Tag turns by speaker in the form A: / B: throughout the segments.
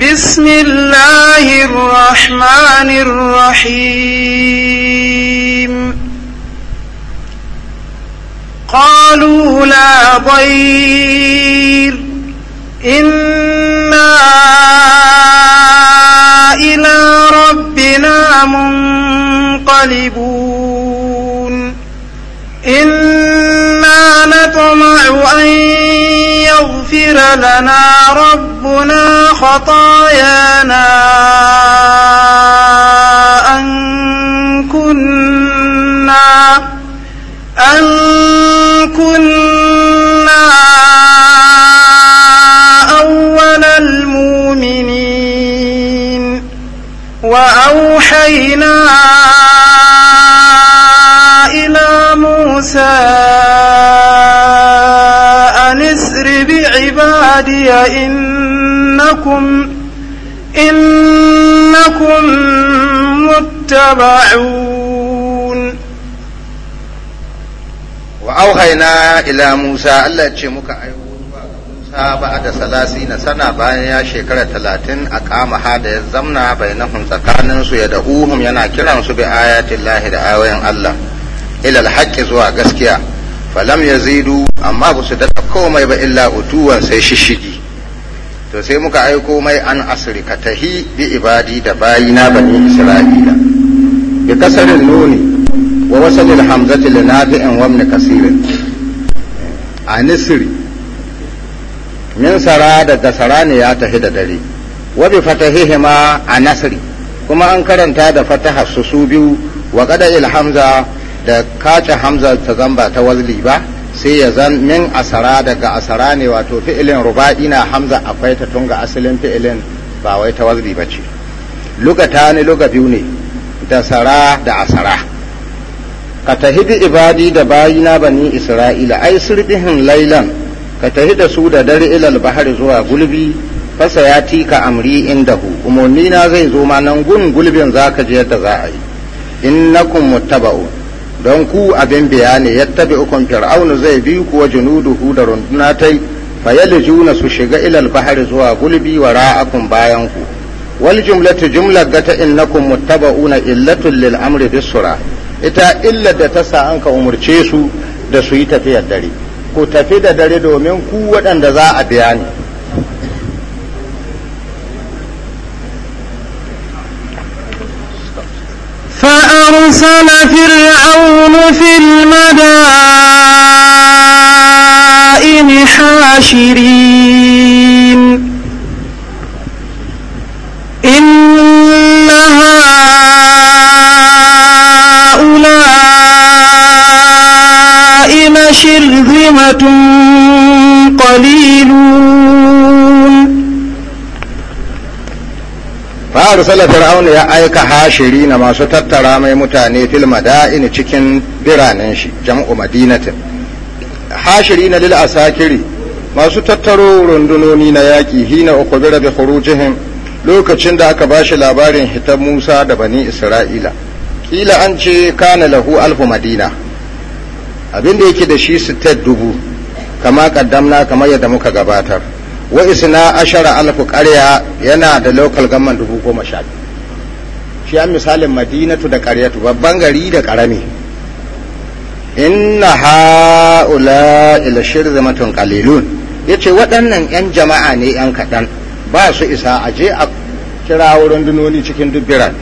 A: بسم الله الرحمن الرحيم قالوا لا ضير إنا إلى ربنا منقلبون إنا نطمع أن يغفر لنا ربنا خطايانا أن كنا أن كنا أول المؤمنين وأوحينا إلى موسى عبادي إنكم إنكم متبعون
B: وأوحينا إلى موسى الله تشمك أيوه ta ba'ada salasina sana bayan ya shekara talatin a kama hada zamna bainahum tsakanin su ya da'uhum yana kiran su bi ayatin lahi da ayoyin Allah ilal haqqi zuwa gaskiya falam yazidu amma ba su daɗa komai ba illa utuwan sai shishigi to sai muka aiko mai an asirka tahi bi ibadi da bayina bani isra'ila bi kasarin nuni wa hamzati li nafi'in wa a nisri min sara daga sara ne ya tahi da dare wa bi ma a nasri kuma an karanta da fataha su su biyu wa qada il da kace hamza ta zamba ta wazli ba sai ya zan min asara daga asara ne wato fi'ilin ruba'i na hamza akwai ta tunga asalin fi'ilin ba wai ta wazli ba ce lugata ne luga biyu ne da sara da asara ka tahidi ibadi da bayina bani isra'ila ai sirbihin lailan ka tahi da su da dare ilal bahari zuwa gulbi fasa ya tika amri indahu umarni na zai zo ma nan gun gulbin zaka je yadda za a yi innakum muttaba'un don ku abin biya ne yattabi ukun fir'aunu zai bi ku wa junuduhu da runduna tai juna su shiga ilal bahari zuwa gulbi wa ra'akum bayan ku wal jumlatu jumlar gata innakum muttaba'una illatul lil amri bisura ita illar da ta sa an ka umurce su da su yi tafiyar dare ku tafi da dare domin ku waɗanda za a
A: biya ne فأرسل فرعون في المدائن حاشرين arsala fir'auna
B: ya aika hashiri na masu tattara mai mutane fil madaini cikin biranen shi jam'u madinatin hashiri na lil asakiri masu tattaro rundunoni na yaki hina uku bira bi khurujihim lokacin da aka bashi labarin hitan Musa da bani Isra'ila kila an ce kana lahu alfu madina abinda yake da shi 60000 dubu kama kaddamna kama yadda muka gabatar wa isna ashara alfu ƙarya yana da local government dubu goma sha shi an misalin madinatu da ƙaryatu babban gari da ƙarami inna ha'ula ila shirzimatun qalilun yace waɗannan 'yan jama'a ne 'yan kaɗan ba su isa a je a kira wurin dunoni cikin dubbiran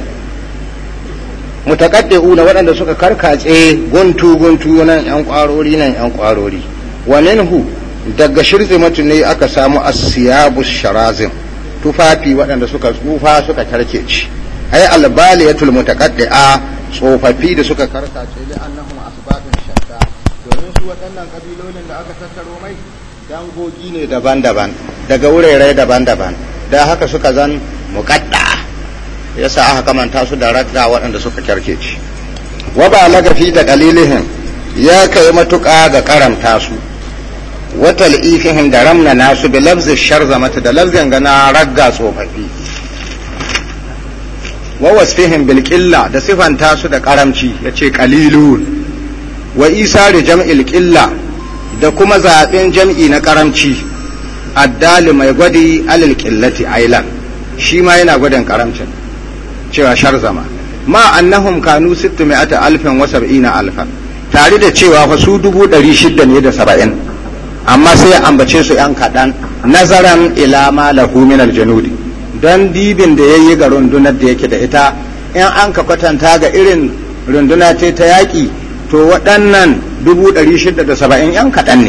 B: mutaqaddi'u na waɗanda suka karkace guntu guntu nan 'yan ƙwarori nan 'yan ƙwarori wa minhu daga mutum ne aka samu asiyabu sharazin tufafi waɗanda suka tsufa suka karkeci ai albaliyatul a tsofaffi da suka ce li annahum asbabun shakka. domin su waɗannan kabilolin da aka tattaro mai dangogi ne daban-daban daga wurare daban-daban da haka suka zan muqadda yasa aka kamanta su da ragga waɗanda suka karkeci wa ba lagafi da qalilihin ya kai matuƙa ga karanta su wata ifihim da ramna nasu bi labzi sharza mata da labzin gana ragga tsofaffi wa wasfihim bil qilla da sifanta su da karamci yace qalilun wa isari jam'il qilla da kuma zaben jam'i na karamci addali mai gwadi alal qillati ailan shi ma yana gwadin karamcin cewa sharzama ma annahum kanu 600 alfin wa 70 alfan tare da cewa fa su 600 ne da 70 amma sai ya ambace su yan kaɗan nazaran ila ma lahu min aljanudi don dibin da yayi ga rundunar da yake da ita in an ka kwatanta ga irin runduna ce ta yaƙi to waɗannan dubu ɗari shida da saba'in yan kaɗan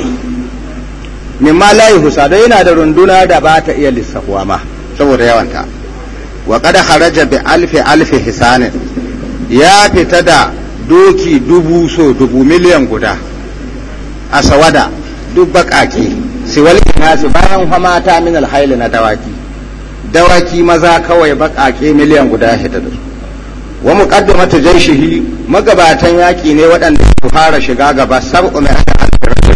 B: ne ma layi husa da yana da runduna da ba ta iya lissafuwa ma saboda yawanta wa kada haraja bi alfi alfi hisanin ya fita da doki dubu so dubu miliyan guda a sawada duk baƙaƙe siwal inasi bayan famata min alhaili na dawaki dawaki maza kawai baƙaƙe miliyan guda hita da wa muqaddamatu jayshihi magabatan yaki ne waɗanda su fara shiga gaba sab'u
A: min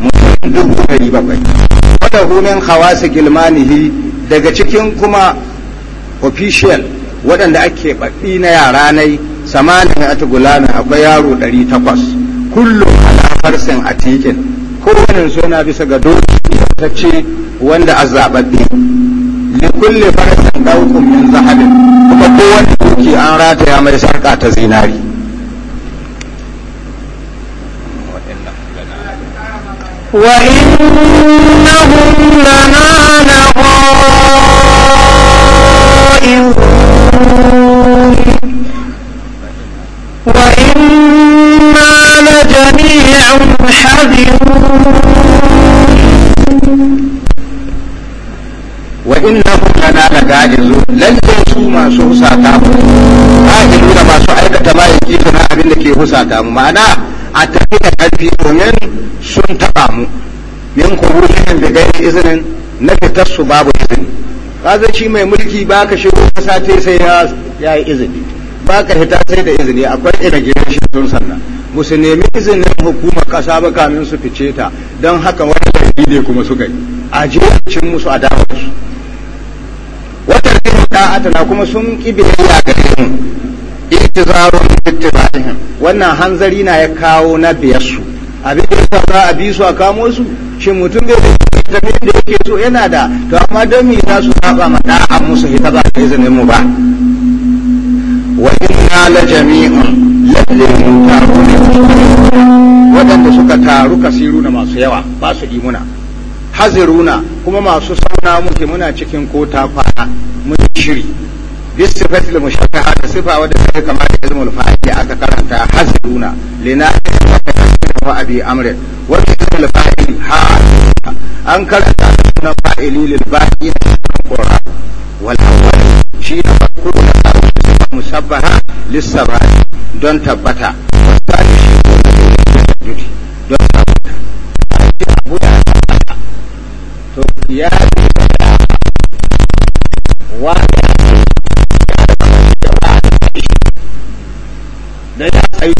A: mutum
B: dubu ɗari bakwai wata hunin hawasi gilmanihi daga cikin kuma official waɗanda ake baɗi na yara nai samanin ati gulamin akwai yaro ɗari takwas kullum ala farsin atikin kowane su yana bisa ga doki wanda a zaɓaɓɓe li kulli farasin ɗaukun min zahabin kuma kowane doki an rataya mai sarƙa ta zinari
A: وإنهم لنا لغائبون يحذرون
B: وإنهم لنا لجاجزون لن يسوا ما سوء ساتامو قائلون ما سوء أيكة ما يجيزنا أبن لكي هو ساتامو معنا أتفين قلبي ومن سن تقامو من قبولهم بغير إذن نفتس باب إذن kaza shi mai mulki ba ka shigo kasa sai ya yi izini ba ka hita sai da izini akwai ina gidan shi sun sannan ba su nemi izinin hukumar kasa ba kamin su fice ta don haka wani yi ne kuma suka yi a jiyacin musu a damarsu wata rikin da'atana kuma sun ƙi biyayya ga yin itizarun ittibahin wannan hanzari na ya kawo na biyarsu abin da za a bi su a kamo su shin mutum bai da da yake so yana da to amma don me za su saba ma da'a musu hita ba da izinin mu ba wa inna la jami'un lallin taro ne waɗanda suka taru kasiruna masu yawa ba su imuna haziruna kuma masu sauna muke muna cikin ko ta kwana mun shiri bisifatil mushakkaha ta sifa wadda take kama da ilmul fa'ili aka karanta hasiruna lina wa abi amrin wa ilmul fa'il ha an karanta sunan fa'ili lil baqi qura wal awwal shi da farko na da musabbaha lis sabati don tabbata wasali
A: shi ko da yudi don tabbata abu da
B: to ya wa yi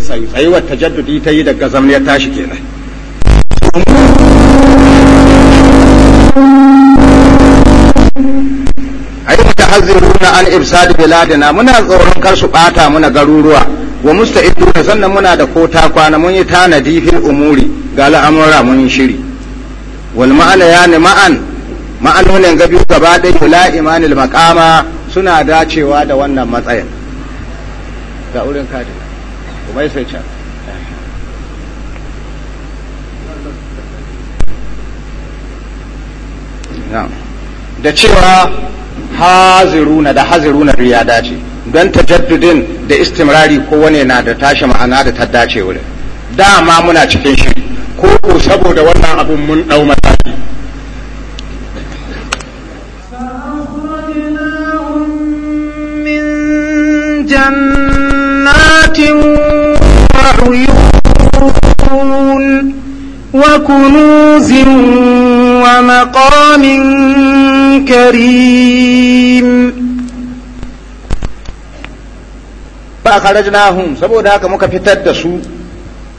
B: tsayi tsayuwar tajaddudi ta yi daga zamne ya tashi kenan ai mutahazziruna an ibsad biladina muna tsoron kar su bata muna garuruwa wa musta'iduna sannan muna da ko ta kwana mun yi tanadi fil umuri ga al'amura mun shiri wal ma'ana ya ni ma'an ma'anonin gabi gaba ɗaya la imanil maqama suna dacewa da wannan matsayin ga wurin kadin mai sai can da cewa haziruna da haziruna riya dace don tajaddudin da istimrari ko wane na da tashi ma'ana da ta dace wuri dama muna cikin shi ko saboda wannan abin mun dau mataki
A: جنة na عيون وكنوز ومقام كريم
B: فأخرجناهم saboda haka muka fitar da su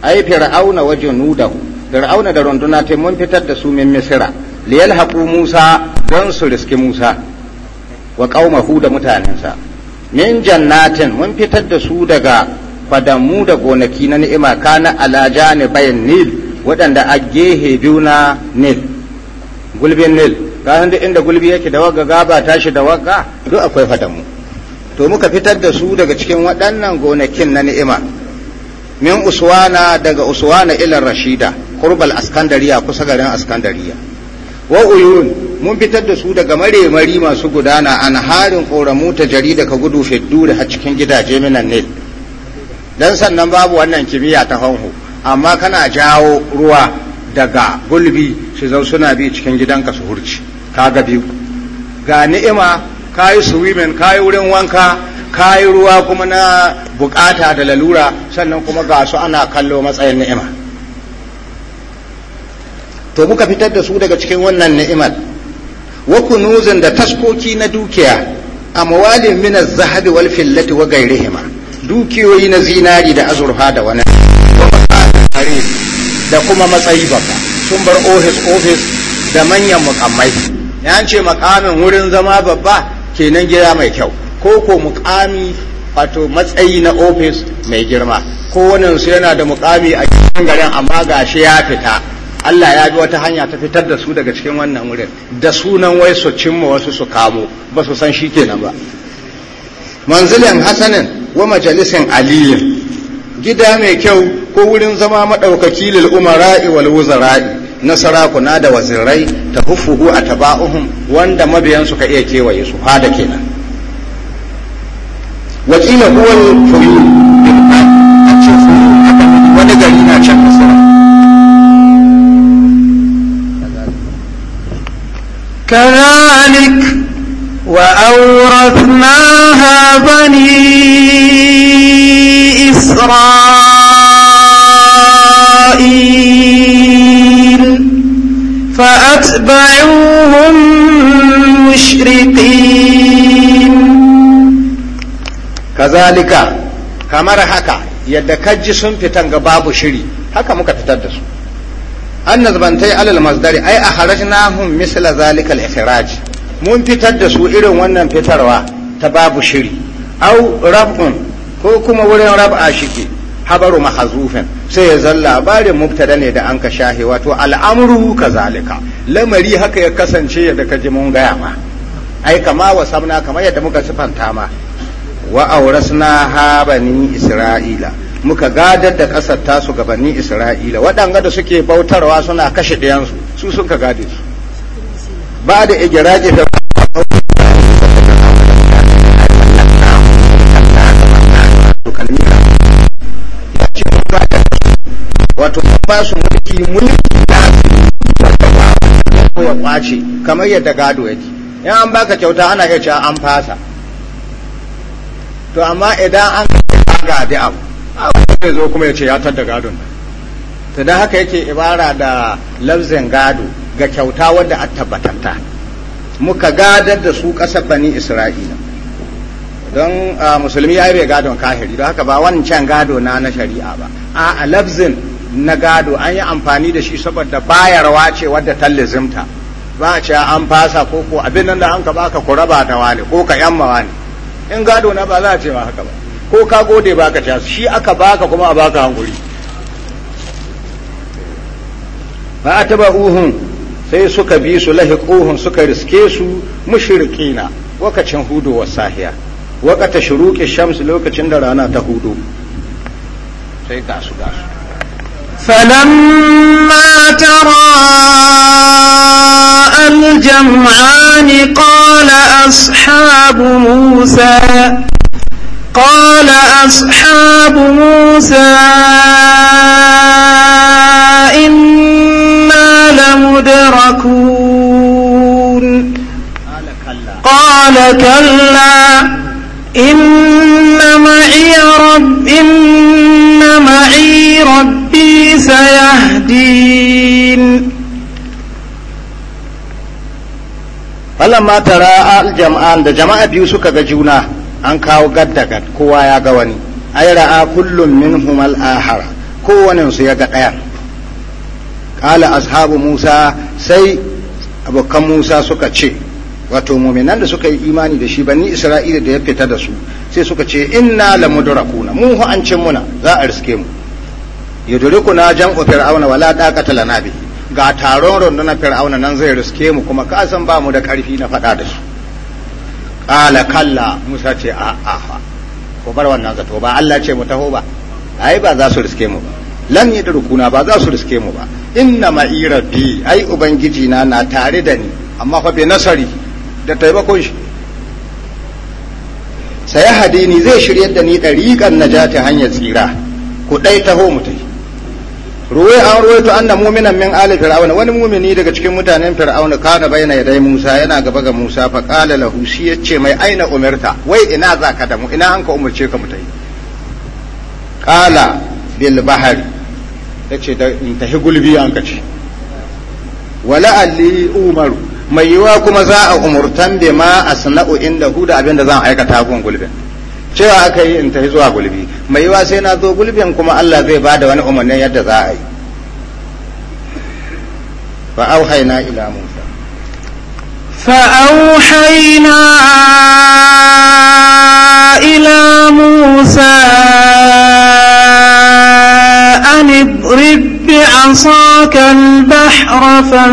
B: ai fir'auna wa junudahu fir'auna da runduna ta mun fitar da su misira, misra liyalhaqu musa don su riski musa wa qaumahu da mutanensa min jannatin mun fitar da su daga fadamu da gonaki na ni'ima kana alaja ne bayan nil waɗanda a gehe biyu na nil gulbin nil kasan duk inda gulbi yake da wagga gaba tashi da wagga duk akwai fadamu to muka fitar da su daga cikin waɗannan gonakin na ni'ima min uswana daga uswana ilan rashida kurbal askandariya kusa garin askandariya wa uyun mun fitar da su daga maremari masu gudana an harin koramu ta jari daga gudu fiddu da cikin gidaje minan nil don sannan babu wannan kimiyya ta hanhu amma kana jawo ruwa daga gulbi su zau suna bi cikin gidanka su hurci ga biyu ga ni'ima ka yi swimming ka yi wurin wanka ka yi ruwa kuma na bukata da lalura sannan kuma ga su ana kallo matsayin ni'ima to muka fitar da su daga cikin wannan ni'imar wa kunuzin da taskoki na dukiya amwalin min az-zahabi wal fillati wa ghayrihima dukiyoyi na zinari da azurfa da wani da kuma matsayi baka sun bar ofis ofis da manyan mukammai ya ce makamin wurin zama babba kenan gida mai kyau ko ko mukami wato matsayi na ofis mai girma wani su yana da mukami a cikin garin amma ga shi ya fita Allah ya bi wata hanya ta fitar da su daga cikin wannan wurin da sunan wai su cimma wasu su kamo ba su san shi kenan ba manzilin hasanin wa majalisin aliyin gida mai kyau ko wurin zama maɗaukaki lil'umara'i umara'i na sarakuna da wazirai ta hufuhu a taba'uhun wanda mabiyansu ka iya kewaye su hada kenan
A: wakila huwal fuyu a ce wani gari na can كذلك وأورثناها بني إسرائيل فأتبعوهم مشرقين
B: كذلك كما كمرة حكا يدكجسون في تنقباب شري حكا مكتتدس أن نظبنتي على المصدر أي أخرجناهم مثل ذلك الإخراج mun fitar da su irin wannan fitarwa ta babu shiri au rab'un ko kuma wurin rab'a shike habaru mahazufin sai ya zan labarin mubtada ne da an ka shahe wato al'amuru kazalika lamari haka ya kasance yadda ka ji mun gaya ma ai kama wa samna kamar yadda muka sifanta ma wa aurasna ha isra'ila muka gadar da kasar tasu ga bani isra'ila waɗanga da suke bautarwa suna kashe ɗayansu su sun ka gade su ba da igiraji wato ba su mulki mulki na su ya kwace kamar yadda gado yake in an baka kyauta ana iya cewa an fasa to amma idan an gadi abu zai zo kuma ya ce ya tadda gadon ta da haka yake ibara da lafzin gado ga kyauta wadda a tabbatanta muka gadar da su ƙasar bani isra'ila don ah, musulmi ya yi gadon kahiri don haka ba wani can gado na na shari'a ba a lafzin na gado an yi amfani da shi saboda bayarwa ce wadda tallizimta ba a ce an fasa ko ko abin nan da an ka baka ku raba da wani ko ka yamma wani in gado na ba za a ce haka ba ko ka gode ba ka shi aka baka kuma a baka hankuri taba uhun sai suka bi su uhun suka riske su mushrikina wakacin hudu wa sahiya wakata shuruqi shams lokacin da rana ta hudu
A: sai gasu-gasu. فلما تراءى الجمعان قال أصحاب موسى قال أصحاب موسى إنا لمدركون قال كلا إن
B: falan ma tara aljam'an da jama'a biyu suka ga juna an kawo gad da gad kowa ya ga wani ay ra'a kullum minhum al-ahar kowannen su ya ga ɗayan qala ashabu musa sai abokan musa suka ce wato muminan da suka yi imani da shi bani isra'ila da ya fita da su sai suka ce inna la mudrakuna mu hu an cin muna za a riske mu yudrikuna jam'u fir'auna wala daqata lana bihi ga taron rundunar fir'auna nan zai riske mu kuma ka san ba mu da ƙarfi na faɗa da su ƙala kalla musa ce a a ko bar wannan zato ba Allah ce mu taho ba ai ba za su riske mu ba yi yadrukuna ba za su riske mu ba inna ma'i bi ai ubangiji na na tare da ni amma fa bi nasari da taimakon shi sai hadini zai shiryar da ni ɗariƙan najati hanyar tsira ku ɗai taho mutum ruwai an ruwaito anna mu'minan min ali fir'auna wani mu'mini daga cikin mutanen fir'auna kana bayyana ya dai Musa yana gaba ga Musa fa qala lahu shi yace mai aina umirta wai ina za ka da mu ina an ka umurce ka mutai qala bil bahari yace da in tahi gulbi an ka ce wala ali umaru mai yiwa kuma za a umurtan da ma asna'u inda hu da abinda zan aikata gun gulbin cewa aka yi in tafi zuwa gulbi mai yiwa sai na zo gulbin kuma Allah zai ba da wani umarnin yadda za a yi fa auhayna ila musa
A: fa auhayna ila musa an idrib bi asaka al-bahra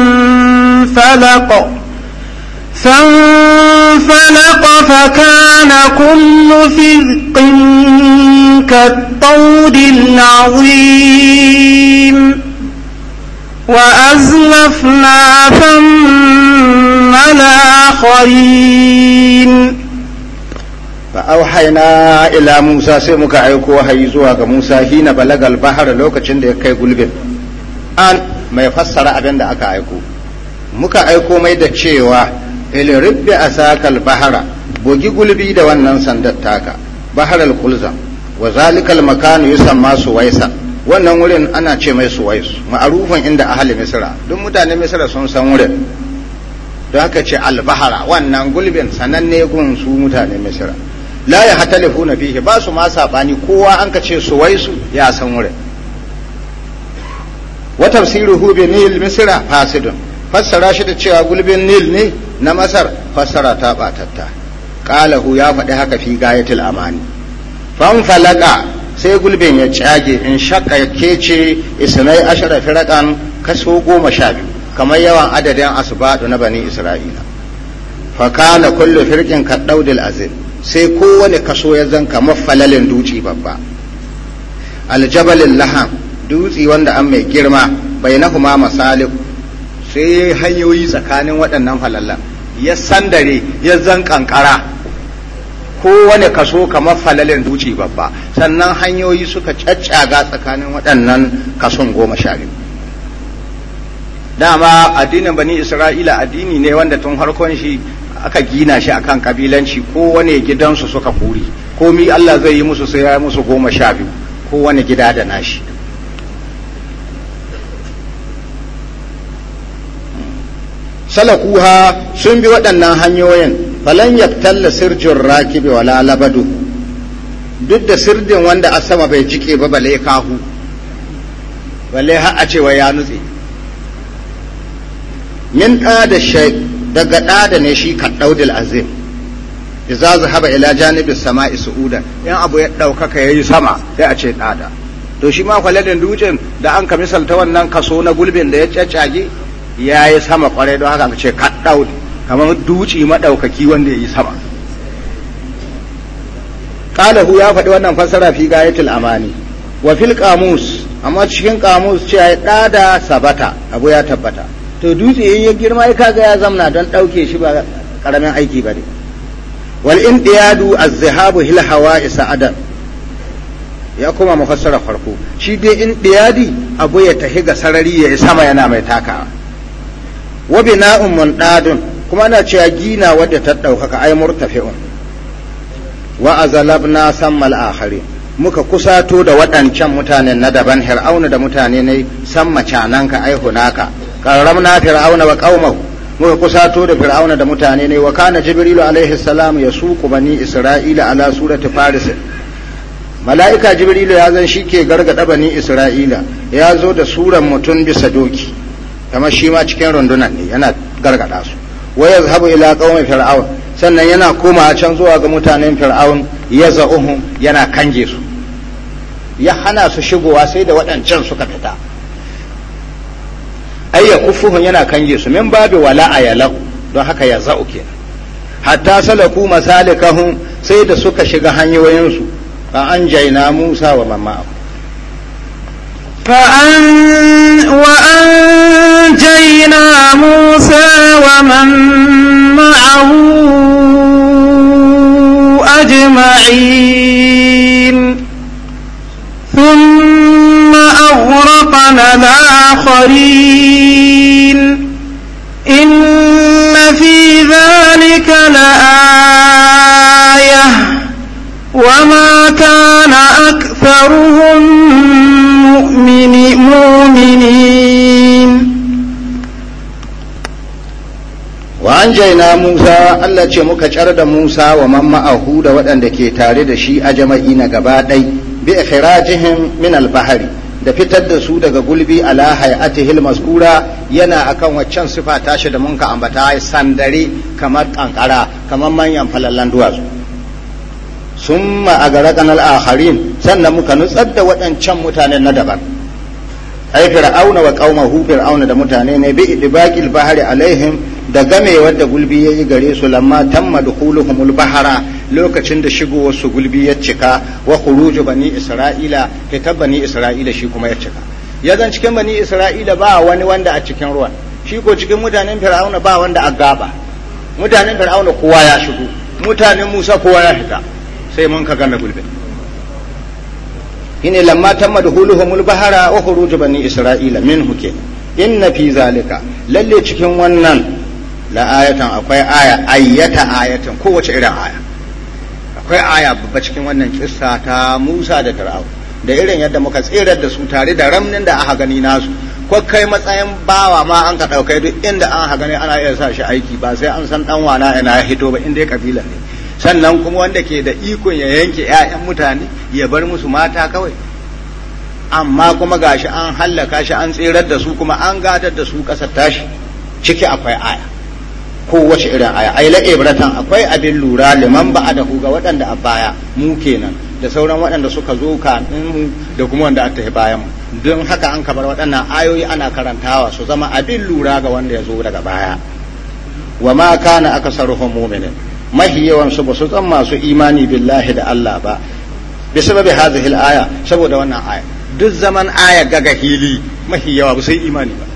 A: فانفلق فكان كل فرق كالطود العظيم وأزلفنا ثم الآخرين
B: فأوحينا إلى موسى سيمك عيكو وهيزوها كموسى هنا بلغ البحر لوكا چند يكي قلبين an ما يفسر abin da aka aiko muka aiko mai da cewa ilirib a sakal bahara bugi gulbi da wannan sandar taka baharal kulzam wa zalikal makanu yusamma waisa wannan wurin ana ce mai suwais ma'arufan inda ahli misira duk mutanen misra sun san wurin don haka ce albahara wannan gulbin sananne gun su mutanen misra la ya hatalifu na fihi ba su ma sabani kowa an ka ce suwaisu ya san wurin wa tafsiruhu bi nil misra fasidun fassara shi da cewa gulbin nil ne na masar fassara ta batatta ƙalahu ya faɗi haka fi gayatul amani fan sai gulbin ya cage in shakka ya kece isnai ashara firakan kaso goma sha biyu kamar yawan adadin asbadu na bani isra'ila fa kana kullu firqin kaddaudil azim sai kowane kaso ya zanka mafalalin duci babba aljabalin lahan dutsi wanda an mai girma bai na kuma sai ya yi hanyoyi tsakanin waɗannan falallan ya sandare ya zan kankara kowane kaso kamar falalin duci babba sannan hanyoyi suka caccaga tsakanin waɗannan kason goma sha biyu dama addinin bani isra'ila addini ne wanda tun harkon shi aka gina shi akan kabilanci kowane gidansu suka kuri komi allah zai yi musu sai ya yi musu goma sha biyu kowane gida da nashi salakuha sun bi waɗannan hanyoyin falan yaktalla sirjin rakibi wala labadu duk da sirdin wanda a sama bai cike ba bale kahu bale har a cewa ya nutse min ɗa da shai daga ɗa ne shi ɗaudil azim Iza zahaba ila janibis sama'i su'uda in abu ya ɗaukaka yayi sama sai a ce ɗada to shi ma kwaladin dutsen da an ka misalta wannan kaso na gulbin da ya caccage ya yi sama kwarai don haka ce kaɗau kamar duci maɗaukaki wanda ya yi sama ƙalahu ya faɗi wannan fassara fi gayatul amani wa fil ƙamus amma cikin ƙamus ce ya yi ɗada sabata abu ya tabbata to dutse ya girma ya kaga ya zamna don ɗauke shi ba ƙaramin aiki ba ne wal indiyadu az-zihabu hil isa adam ya kuma mafassarar farko shi dai in ɗiyadi abu ya tahi ga sarari ya yi sama yana mai takawa wa bina'un mundadun kuma ana cewa gina wadda ta ɗaukaka ai murtafi'un wa azalabna sammal akhari muka kusato da waɗancan mutanen na daban fir'auna da mutane ne san macananka ai hunaka na fir'auna wa qaumahu muka kusato da fir'auna da mutane ne wa kana jibrilu alaihi salam yasuqu bani isra'ila ala surati faris mala'ika jibrilu ya zan shike gargada bani isra'ila ya zo da suran mutum bisa doki kamar shi ma cikin rundunan ne yana gargada su wa yazhabu ila qaumi fir'aun sannan yana komawa can zuwa ga mutanen fir'aun yazauhum yana kanje su ya hana su shigowa sai da waɗancan suka fita ai kufuhu yana kanje su min babu wala ayalahu don haka ya za'u ke hatta salaku masalikahum sai da suka shiga hanyoyinsu an jaina Musa wa mamma
A: فأن وأنجينا موسى ومن معه أجمعين ثم أغرقنا الآخرين إن في ذلك لآية وما كان أكثرهم مؤمنين
B: وأنجينا موسى الله ce muka car da Musa wa man ma'ahu da waɗanda ke tare da shi a jama'i na gabaɗai ɗai bi min da fitar da su daga gulbi ala hay'atihil maskura yana akan waccan sifa tashi da munka ambata sandare kamar kankara kamar manyan falallan duwatsu summa agarakan al-akharin sannan muka nutsar da waɗancan mutanen na daban ai fir'auna wa qaumahu fir'auna da mutane ne bi idbaqil bahri alaihim da game wadda gulbi yayi gare su lamma tamma dukhuluhumul bahara lokacin da shigo su gulbi ya cika wa khuruju bani isra'ila ta bani isra'ila shi kuma ya cika ya zan cikin bani isra'ila ba wani wanda a cikin ruwan shi ko cikin mutanen fir'auna ba wanda a gaba mutanen fir'auna kowa ya shigo mutanen musa kowa ya fita sai mun ka game gulbin shine lamma tamma duhuluhumul bahara wa khuruj bani isra'ila min huke inna fi zalika lalle cikin wannan la ayatan akwai aya ayyata ayatan kowace irin aya akwai aya babba cikin wannan kissa ta Musa da Fir'aun da irin yadda muka tsirar da su tare da ramnin da aka gani nasu ko kai matsayin bawa ma an ka ɗaukai duk inda an ha ana iya sa shi aiki ba sai an san ɗanwana wana ina ya hito ba inda ya kabila ne sannan kuma wanda ke da ikon ya yanke 'ya'yan mutane ya bar musu mata kawai amma kuma gashi an hallaka shi an tserar da su kuma an gadar da su ƙasar tashi ciki akwai aya ko wace irin aya ai la ibratan akwai abin lura liman ba'a da ga waɗanda a baya mu kenan da sauran waɗanda suka zo ka mu da kuma wanda aka bayan mu don haka an kabar waɗannan ayoyi ana karantawa su zama abin lura ga wanda ya zo daga baya wa ma kana akasaruhum mu'minin mahi yawan su ba su zan masu imani billahi da Allah ba bi sababi hadhihi al-aya saboda wannan aya duk zaman aya gaga hili mahi yawa ba su imani ba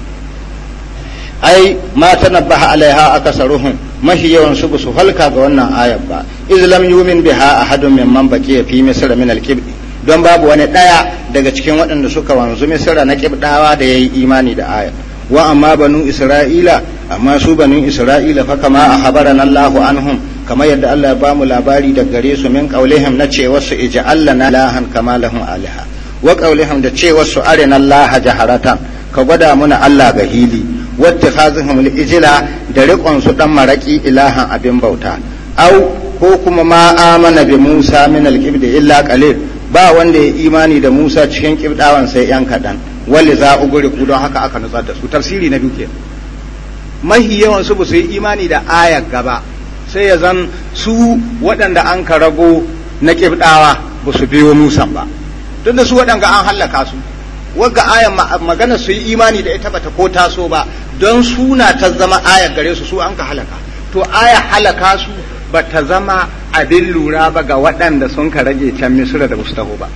B: ai ma tanabbaha alaiha akasaruhum mashi yawan su su halka ga wannan ayar ba iz lam yumin biha ahadun mimman baqiya fi misr min al-kibdi don babu wani daya daga cikin waɗanda suka wanzu misra na kibdawa da yayi imani da ayar wa amma banu isra'ila amma su banu isra'ila fa kama akhbarana Allahu anhum kamar yadda Allah ya ba mu labari daga gare su min qaulihim na ce wasu ij'alna lahan kama lahum alaha wa qaulihim da ce wasu arina Allah jaharatan ka gwada muna Allah ga hili wattakhazihum al ijila da riƙon su dan maraki ilahan abin bauta au ko kuma ma amana bi Musa min al kibdi illa qalil ba wanda ya imani da Musa cikin kibdawan sai yan kadan wali za uguri ku don haka aka nutsar da su tafsiri na biyu ke mahi yawan su ba su yi imani da ayar gaba sai ya zan su waɗanda an ka rago na ƙibɗawa ba su biyo musa ba tun da su waɗanda an hallaka su wagga ayan magana su yi imani da ita bata ko taso ba don suna ta zama ayar gare su su an ka halaka to aya halaka su ta zama abin lura ba ga waɗanda sun ka rage can misira da mustaho ba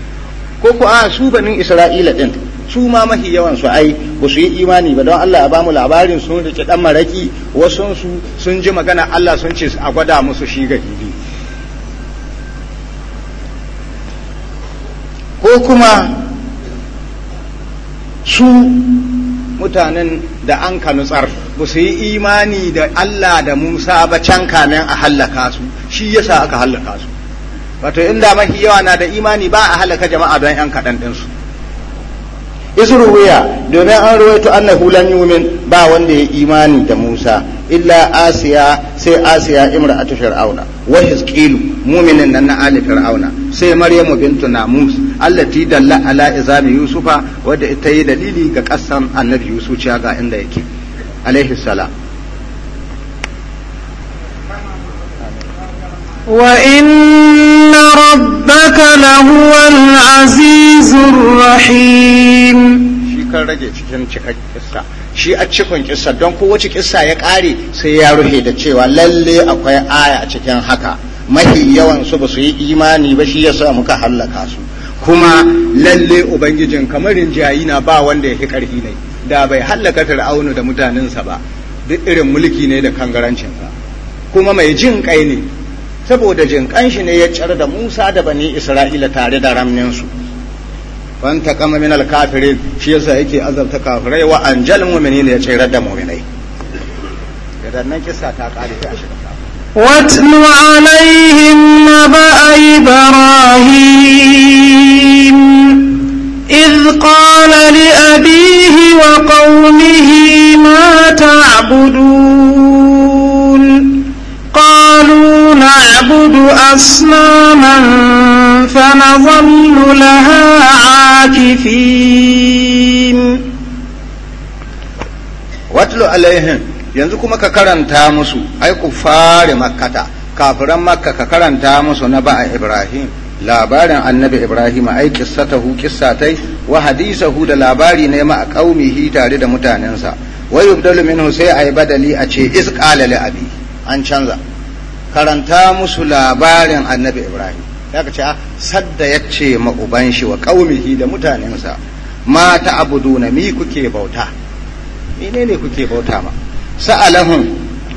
B: ko ko a su banin isra'ila ɗin. su ma mahi yawan su ai ba su yi imani ba don Allah ya bamu labarin sun rike dan maraki wasu su sun ji magana Allah sun ce a gwada musu shi ga gidi ko kuma su mutanen da an ka nutsar ba su yi imani da Allah da Musa ba can kamen a hallaka su shi yasa aka hallaka su wato inda mafi yawa na da imani ba a halaka jama'a don 'yan kaɗan ɗinsu isruwiya domin an ruwaito annahu lam yu'min ba wanda ya imani da Musa illa Asiya sai Asiya imra'atu Fir'auna wa Hizqilu mu'minin nan na ali Fir'auna sai Maryamu bintu Namus allati dalla ala izami Yusufa wadda ita yi dalili ga kasan annabi Yusuf ga inda yake alaihi salam
A: وإن ربك لهو العزيز الرحيم
B: kan rage cikin kissa shi a cikin kissa don kowace kissa ya ƙare sai ya ruhe da cewa lalle akwai aya a cikin haka mafi yawan su ba su yi imani ba shi yasa muka hallaka su kuma lalle ubangijin kamar rinjayi na ba wanda ya fi ƙarfi ne da bai hallaka fir'aunu da mutanensa ba duk irin mulki ne da kangarancin kuma mai jin kai ne saboda jinƙan shi ne ya car da Musa da bani Isra'ila tare da ramninsu wanta kama min alkafirin shi yasa yake azabta kafirai wa anjal mu'minina ya tsirar da mu'minai da nan kissa
A: ta kare ta shi واتل عليهم نبأ إبراهيم إذ قال لأبيه وقومه ما تعبدون قالوا نعبد أصناما فنظل لها عاكفين
B: واتلو عليهم yanzu kuma ka karanta musu ai ku fare makkata kafiran makka ka karanta musu na ba'a ibrahim labarin annabi ibrahim ai kissatahu kissatai wa hadisahu da labari ne ma a qaumihi tare da mutanensa wa yubdalu minhu sai ai badali a ce isqala li abi an canza karanta musu labarin annabi ibrahim ya ce ah, sadda ya ce ma uban shi wa kaumihi da mutanensa ma na mi kuke bauta menene kuke bauta ma sa'alahun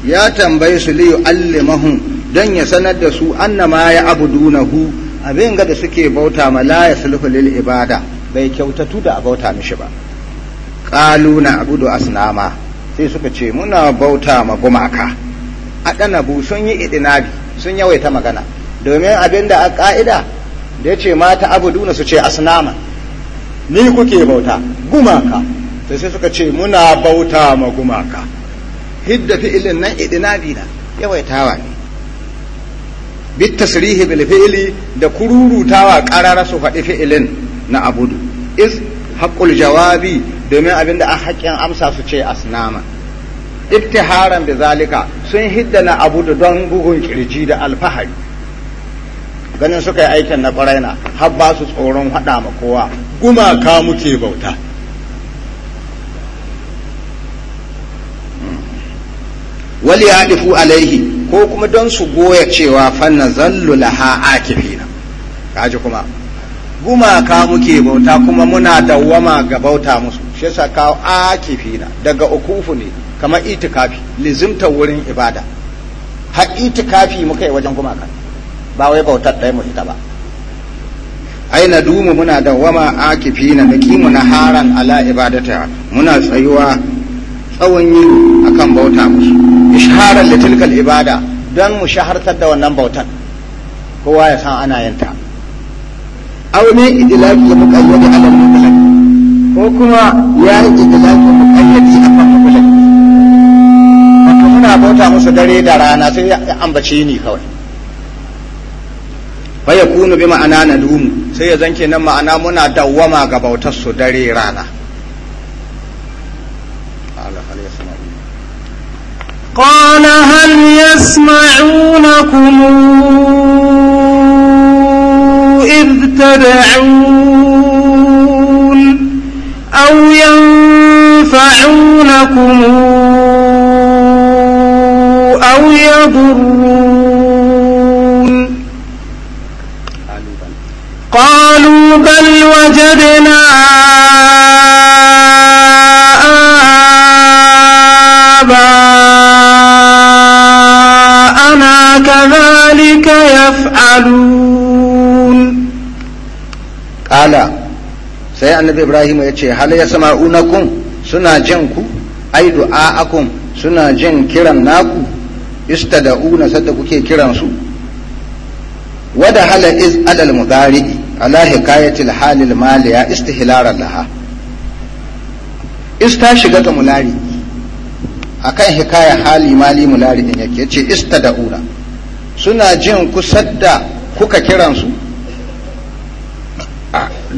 B: ya tambaye su liyu allimahun don ya sanar da su annama ya hu abin ga da suke bauta ma la ya sulhu lil ibada bai kyautatu da bauta mishi ba Kalu na abudu asnama sai suka ce muna bauta ma gumaka ɗanabu sun yi idinabi sun yawaita magana domin abin da a ka'ida da ya ce mata abuduna su ce asinama ni kuke bauta gumaka sai sai suka ce muna bauta ma gumaka hidda fi'ilin nan idinabi na yawaitawa ne bit tasrihi bil fi'li da kururutawa qarara su faɗi fi'ilin na abudu is haƙul jawabi domin abinda a haƙƙin amsa su ce asnama ibtiharan bi zalika sun hidda na abu da don bugun kirji da alfahari ganin suka yi aikin na kwarai na har ba su tsoron haɗa ma kowa gumaka muke bauta wali ya ɗifu alaihi ko kuma don su goya cewa fanna zallu laha akifina kaji kuma gumaka muke bauta kuma muna dawwama ga bauta musu shi sa kawo akifina daga okufu ne kamar itikafi lizimta wurin ibada har itikafi muka yi wajen gumaka ba wai bautar ɗaya mu ita ba aina dumu muna da dawwama akifina na haran ala ibadata muna tsayuwa tsawon yi akan bauta musu isharar da tilkal ibada don mu shahartar da wannan bautan kowa ya san ana yanta aune idilafi ya wani alamun mutlaq ko kuma ya yi idlaqu muqayyadi akan mutlaq wato muna bauta musu dare da rana sai ya ambace ni kawai fa yakunu bi ma'ana na dumu sai ya zanke nan ma'ana muna dawwama ga bautar su dare rana
A: قال هل يسمعونكم إذ تدعون أو ينفعونكم أو يضرون قالوا بل وجدنا آباءنا كذلك يفعلون
B: قالوا sai annabi ibrahim ya ce hal ya sama'unakum suna jin ku ai du'a'akum suna jin kiran naku istada'una sadda kuke kiran su wada hala iz alal mudari ala hikayatil halil maliya istihlaran laha ista shiga ga mulari akan hikaya hali mali mulari din yake yace istada'una suna jin ku sadda kuka kiran su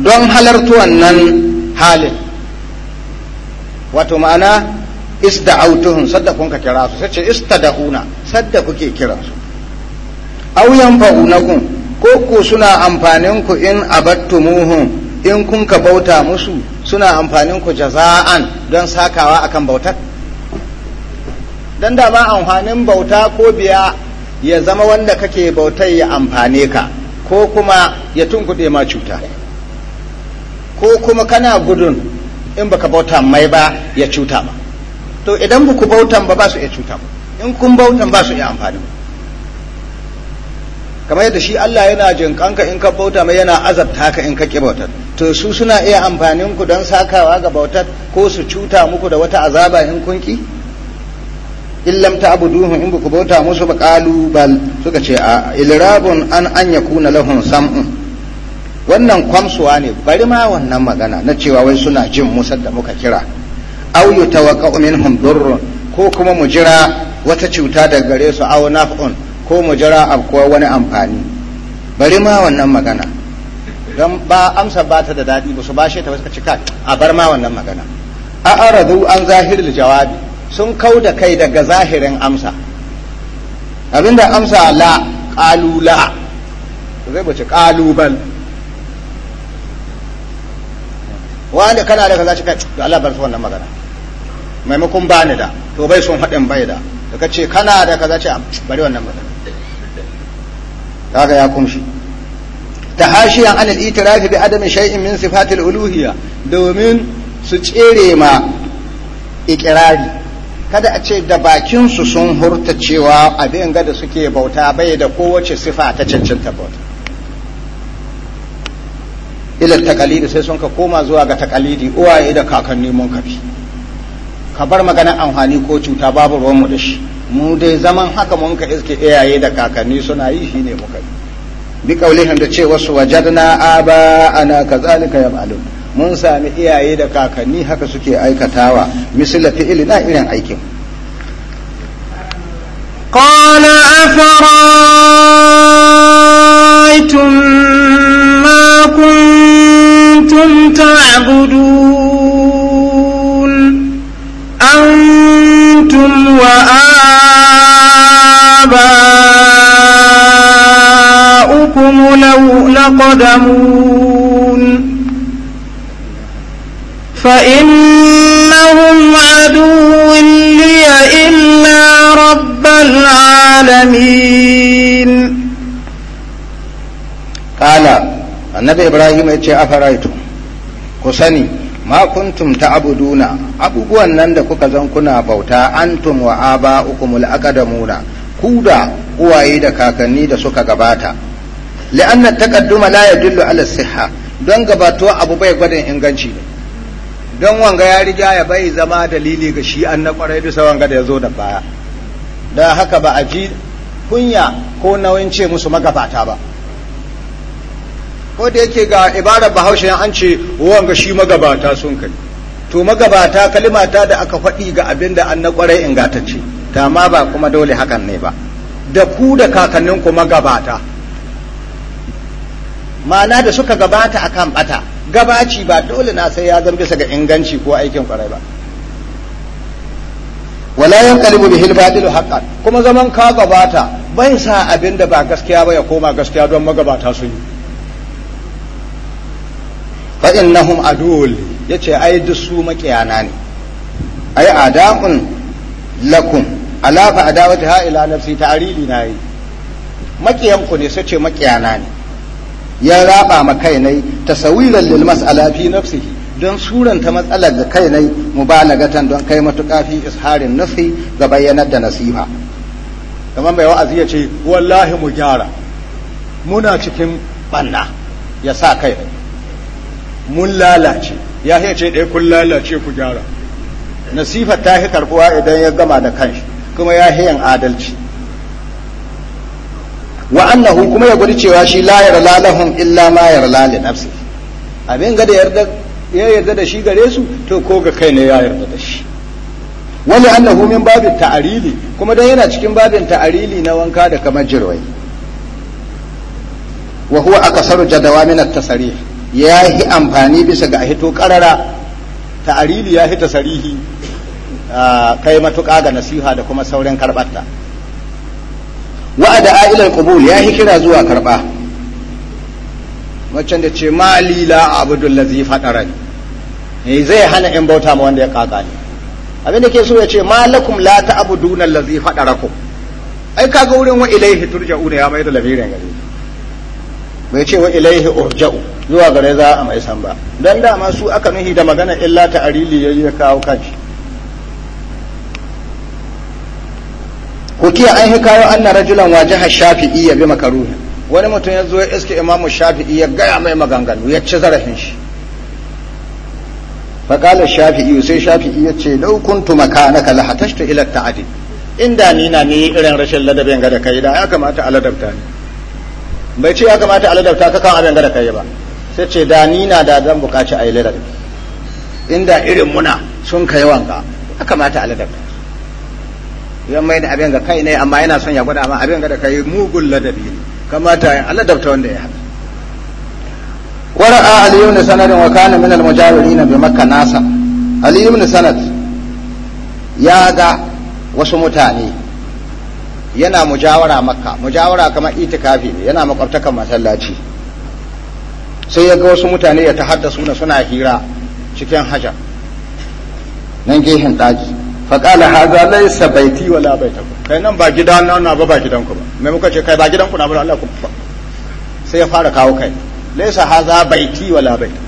B: don halartu wannan halin wato ma'ana isda'autuhum sadda kun ka kira su sai ce istada'una sadda kuke kira su aw yanfa'unakum ko ku suna amfanin ku in abattumuhum in kun ka bauta musu suna amfanin ku jaza'an don sakawa akan bautar don ba amfanin bauta ko biya ya zama wanda kake bautar ya amfane ka ko kuma ya tunkuɗe ma cuta ko kuma kana gudun in baka bauta mai ba ya cuta ba to idan ba ku bautan ba ba su iya cuta ba in kun bautan ba su iya amfani ba kamar yadda shi Allah yana jinkanka in ka bauta mai yana azabta ka in ka ki bautar to su suna iya amfanin ku don sakawa ga bautar ko su cuta muku da wata azaba in kun ki in lam ta'buduhu in ku bauta musu ba qalu bal suka ce a ilrabun an an yakuna lahum sam'un wannan kwamsuwa ne bari ma wannan magana na cewa wai suna jin musar da muka kira auyu tawaka minhum durrun ko kuma mu jira wata cuta daga gare su au naf'un ko mu jira akwai wani amfani bari ma wannan magana don ba amsa ba ta da daɗi ba su ba shi ta wasu cika a bar ma wannan magana a aradu an zahiril jawabi sun kau da kai daga zahirin amsa abinda amsa la ƙalula zai bace ƙalubal wani kana da kaza cika da Allah bar su wannan magana maimakon ba ni da to bai son haɗin bai da da ka ce kana da kaza ce ah, bari wannan magana kaga ya kumshi tahashiyan an al-i'tiraf bi adam shay'in min sifat al-uluhiyya domin su tsere ma ikirari kada a ce da bakin su sun hurta cewa abin ga da suke bauta bai da kowace sifa ta cancanta bauta ilal takalidi sai sun ka koma zuwa ga taqalidi uwaye da kakanni mun kafi ka bar maganar amfani ko cuta babu mu da shi mu dai zaman haka mun ka iske iyaye da kakanni suna yi shine muka bi kaulihin da ce wasu wajadna aba ana kazalika malum mun sami iyaye da kakanni haka suke aikatawa misla fi'ili na irin aikin
A: قال أفرأيتم ما كنتم تعبدون أنتم وآباؤكم لو لقدمون فإنهم عدو لي إلا رب العالمين
B: قال النبي إبراهيم يتشي أفرأيتم ku sani ma kuntum duna abubuwan nan da kuka zan kuna bauta antum wa Aba ukumul akadamuna ku da uwaye da kakanni da suka gabata li'anna takadduma la yadullu ala sihha don gabato abu bai gwadin inganci ne don wanga ya riga ya bai zama dalili ga shi an na kwarai bisa wanga da ya zo da baya da haka ba a ji kunya ko nauyin ce musu magabata ba ko yake ga ibarar bahaushe an ce wanga shi magabata sun kai to magabata kalimata da aka faɗi ga abin da an na ƙwarai ingantacce ta ma ba kuma dole hakan ne ba da ku da kakannin kakanninku magabata ma'ana da suka gabata akan bata gabaci ba dole na sai ya zan bisa ga inganci ko aikin ƙwarai ba wala kalibu bihil batilu haqqan kuma zaman ka gabata ban sa abinda ba gaskiya ba ya koma gaskiya don magabata sun yi fa innahum adul yace ai duk su makiyana ne ai adamun lakum ala fa adawati ha ila nafsi ta'rili nayi makiyan ku ne sace makiyana ne ya raba ma kainai tasawiran lil mas'ala fi nafsihi don suranta matsalar da kainai mubalagatan don kai matuƙa fi isharin nafsi ga bayyanar da nasiha kamar mai wa'azi ya ce wallahi mu gyara muna cikin banna ya sa kai mun lalace ya ce ɗaya kun lalace ku gyara nasifa ta fi karbuwa idan ya gama da kanshi kuma ya yan adalci wa annahu kuma ya gudu cewa shi la yarla lalahun illa ma yarla lalin nafsi abin ga da yarda ya yarda da shi gare su to ko ga kai ne ya yarda da shi wani annahu min babin ta'arili kuma dan yana cikin babin ta'arili na wanka da kamar jirwai wa huwa akasaru jadawa min at-tasarih ya yi amfani bisa ga hito karara ta'arili ya hita sarihi kai matuƙa ga nasiha da kuma sauran karɓarta wa'ada a'ilar ƙubul ya yi kira zuwa karɓa waccan da ce malila abudul ladzi ne eh, zai hana in bauta ma wanda ya ƙaƙa ne abin da ke so ya ce malakum la ta'buduna allazi fadarakum ai kaga wurin wa ilaihi turja'una ya mai da lamirin gare Mai ce wa ilaihi urja'u zuwa gare za a mai san ba don dama su aka nuhi da magana illa ta arili ya ya kawo kanshi hukiya an yi kawo anna rajulan wajaha shafi'i ya bi makaruhi wani mutum ya zo ya iske imamu shafi'i ya gaya mai maganganu ya ci zarafin shi faƙala shafi'i sai shafi'i ya ce lau kuntu makanaka la hatashtu ila ta'adi inda ni na ni irin rashin ladabin ga da kai da ya kamata a ladabta ne bai ce ya kamata a ladabta ka kawo abin gada kai ba sai ce da ni na da zan bukaci a yi ladabi inda irin muna sun kai wanka ya kamata a ladabta yan mai da abin ga kai ne amma yana son ya gwada amma abin gada da kai mugun ladabi ne kamata a ladabta wanda ya haɗa ورأى علي بن سند وكان من المجاورين بمكة ناسا علي بن سند يا ga wasu mutane yana mujawara makka mujawara kamar itikafi ne yana makwabtakan masallaci sai ya ga wasu mutane ya tahaddasu suna suna hira cikin hajar nan gehen daji faƙala haza laisa baiti wala baitaku kai nan ba gida na ba ba ku ba mai muka ce kai ba ku na ba Allah ku sai ya fara kawo kai laisa haza baiti wala baitaku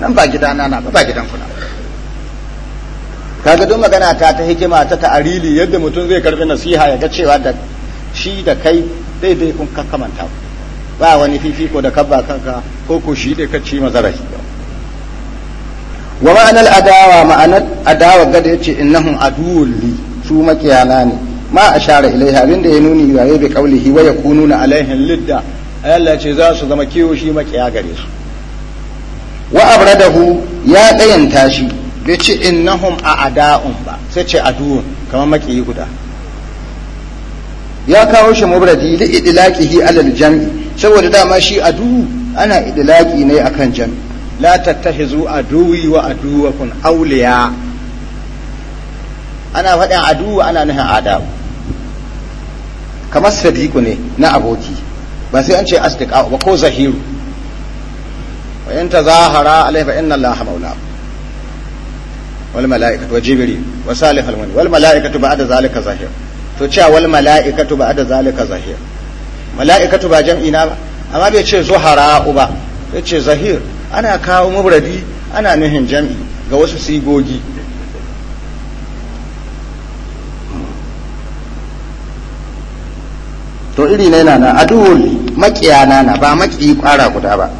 B: nan ba gida na ba ba ku na ba kaga duk magana ta ta hikima ta ta'arili yadda mutum zai karbi nasiha ya ga cewa da shi da kai daidai kun kamanta ba wani fifiko da kabba kanka ko ko shi da kace mazarafi wa ma'anar adawa ma'anar adawa gada yace innahum aduwwul li su makiyana ne ma share ilaiha abin da ya nuni yayi bi qawlihi wa yakununa alaihin lidda Allah ce za su zama kiwo shi makiya gare su wa abradahu ya tsayanta shi bai ce innahum a ada'un ba sai ce aduun kamar makiyi guda ya kawo shi mubradi li idlaqihi alal jam'i saboda dama shi adu ana idlaqi ne akan jam'i la tattahizu aduwi wa kun awliya ana faɗin adu ana nufin adau kamar sadiku ne na aboki ba sai an ce asdiqa ba ko zahiru wa in tazahara alayhi fa inna allaha maulahu wal mala'ikatu wa jibril wa salihul wal wal mala'ikatu ba'da zalika zahir to cewa wal mala'ikatu ba'da zalika zahir mala'ikatu ba jam'i na ba amma bai ce zuhara uba bai ce zahir ana kawo mubradi ana nuhin jam'i ga wasu sigogi to iri ne na na aduwul makiyana na ba maki kwara guda ba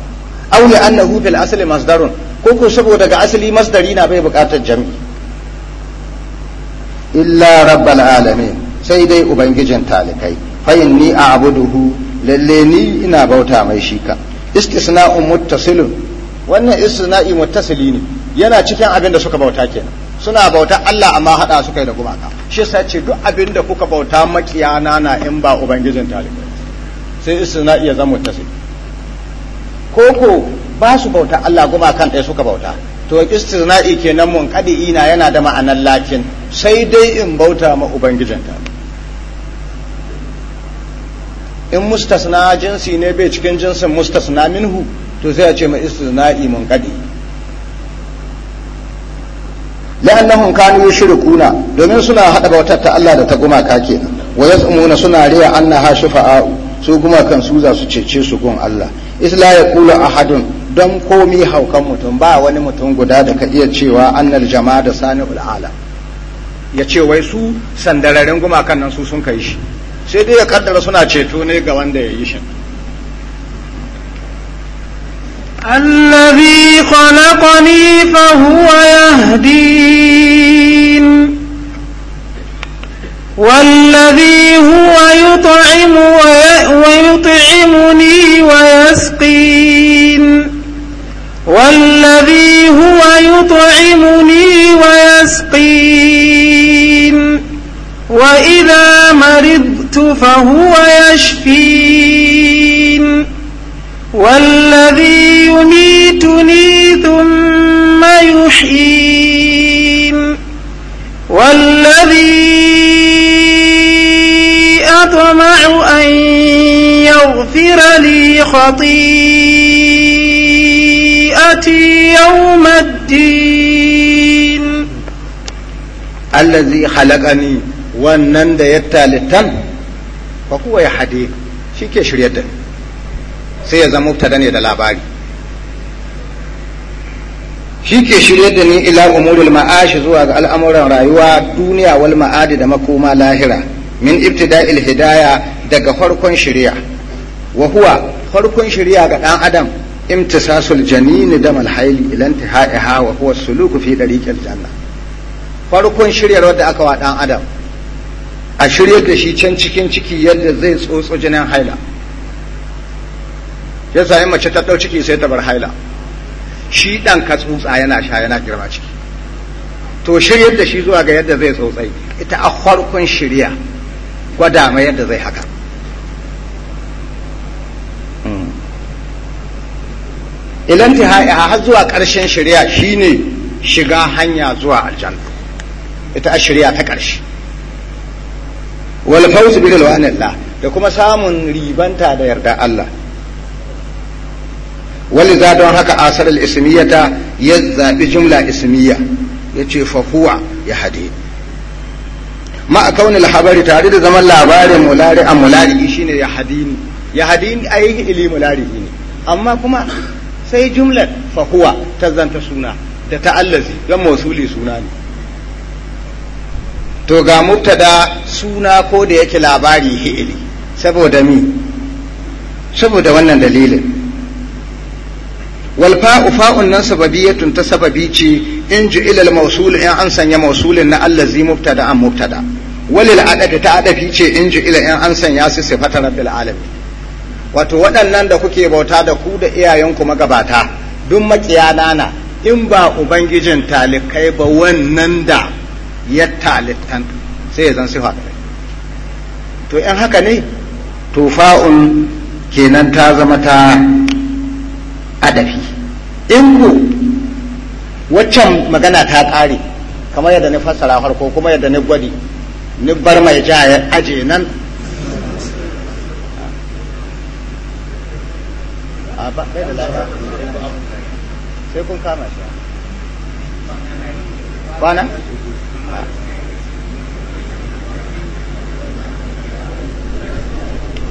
B: auli annahu fil asli masdarun ko ko saboda ga asali masdari na bai bukatar jam'i illa rabbal alamin sai dai ubangijin talikai fa inni a'buduhu lalle ni ina bauta mai shi ka istisna'un muttasilun wannan istisna'i muttasili ne yana cikin abin da suka bauta kenan suna bauta Allah amma hada suka yi da gumaka shi yasa ce duk abin da kuka bauta makiyana na in ba ubangijin talikai sai istisna'i ya zama muttasili koko ba su bauta Allah guma kan ɗaya suka bauta to istirna'i kenan mun ina yana da ma'anar lakin sai dai in bauta ma ubangijinta in mustasna jinsi ne bai cikin jinsin mustasna minhu to sai a ce ma istirna'i mun kadi la'annahum kanu يشركون domin suna hada bautar ta Allah da ta gumaka kenan wa yaz'umuna suna riya annaha shufa'a'u su gumakan su za su cece su gun Allah isla yaqulu ahadun don komi haukan mutum ba wani mutum guda da ka iya cewa annal jama'a da sani ul'ala ya ce wai su sandararin gumakan nan su sun kai shi sai dai ya kaddara suna ceto ne ga wanda ya yi shi
A: الذي خلقني فهو يهدين والذي هو يطعم ويطعمني ويسقين والذي هو يطعمني ويسقين وإذا مرضت فهو يشفين والذي يميتني ثم يحيين والذي أطمع أن يغفر لي خطيئ آياتي يوم
B: الدين الذي خلقني wannan da ya talitan ba kuwa ya hade shi ke shirya da sai ya zama mubtada ne da labari shi ke shirya da ni ila umurul ma'ashi zuwa ga al'amuran rayuwa duniya wal ma'adi da makoma lahira min ibtida'il hidaya daga farkon shirya wa huwa farkon shirya ga dan adam imtisasul janini da الحيل الى tihaiha wa huwa suluku fi dariqil janna farkon shiryarwar wadda aka wa dan adam a shiryar da shi can cikin ciki yadda zai tsotso jinin haila ya sai mace ta dau ciki sai ta bar haila shi ɗan ka tsotsa yana sha yana girma ciki to shiryar da shi zuwa ga yadda zai tsotsai ita a farkon shirya gwada mai yadda zai haka ilanti ha'iha har zuwa ƙarshen shari'a shine shiga hanya zuwa aljanna ita a shari'a ta ƙarshe wal fawz bi da kuma samun ribanta da yarda Allah za don haka asar al-ismiyata ya zaɓi jumla ismiya ya ce fahuwa ya hade ma a kaunin labari tare da zaman labarin mulari a mulari shine ya hadini ya hadini a yi ilimi mulari ne amma kuma sai jumlar fahuwa ta zanta suna da ta'allazi don mausuli suna ne to ga mubtada suna ko da yake labari hi'ili saboda mi saboda wannan dalilin wal fa'u fa'un nan sababiyatun ta sababi ce in ji ilal mausul in an sanya mausulin na allazi mubtada an mubtada walil adadi ta adafi ce in ji ila in an sanya su sifatar rabbil alamin wato waɗannan da kuke bauta da ku da iyayenku magabata duk makiya nana in ba ubangijin talikai ba wannan da ya talikan sai ya zan sifa to in haka ne tufa'un kenan ta zama ta adafi in ku waccan magana ta ƙare kamar yadda ni fassara farko kuma yadda ni gwadi ni bar mai ja ya aje nan ba bai da lafiya sai kun kama shi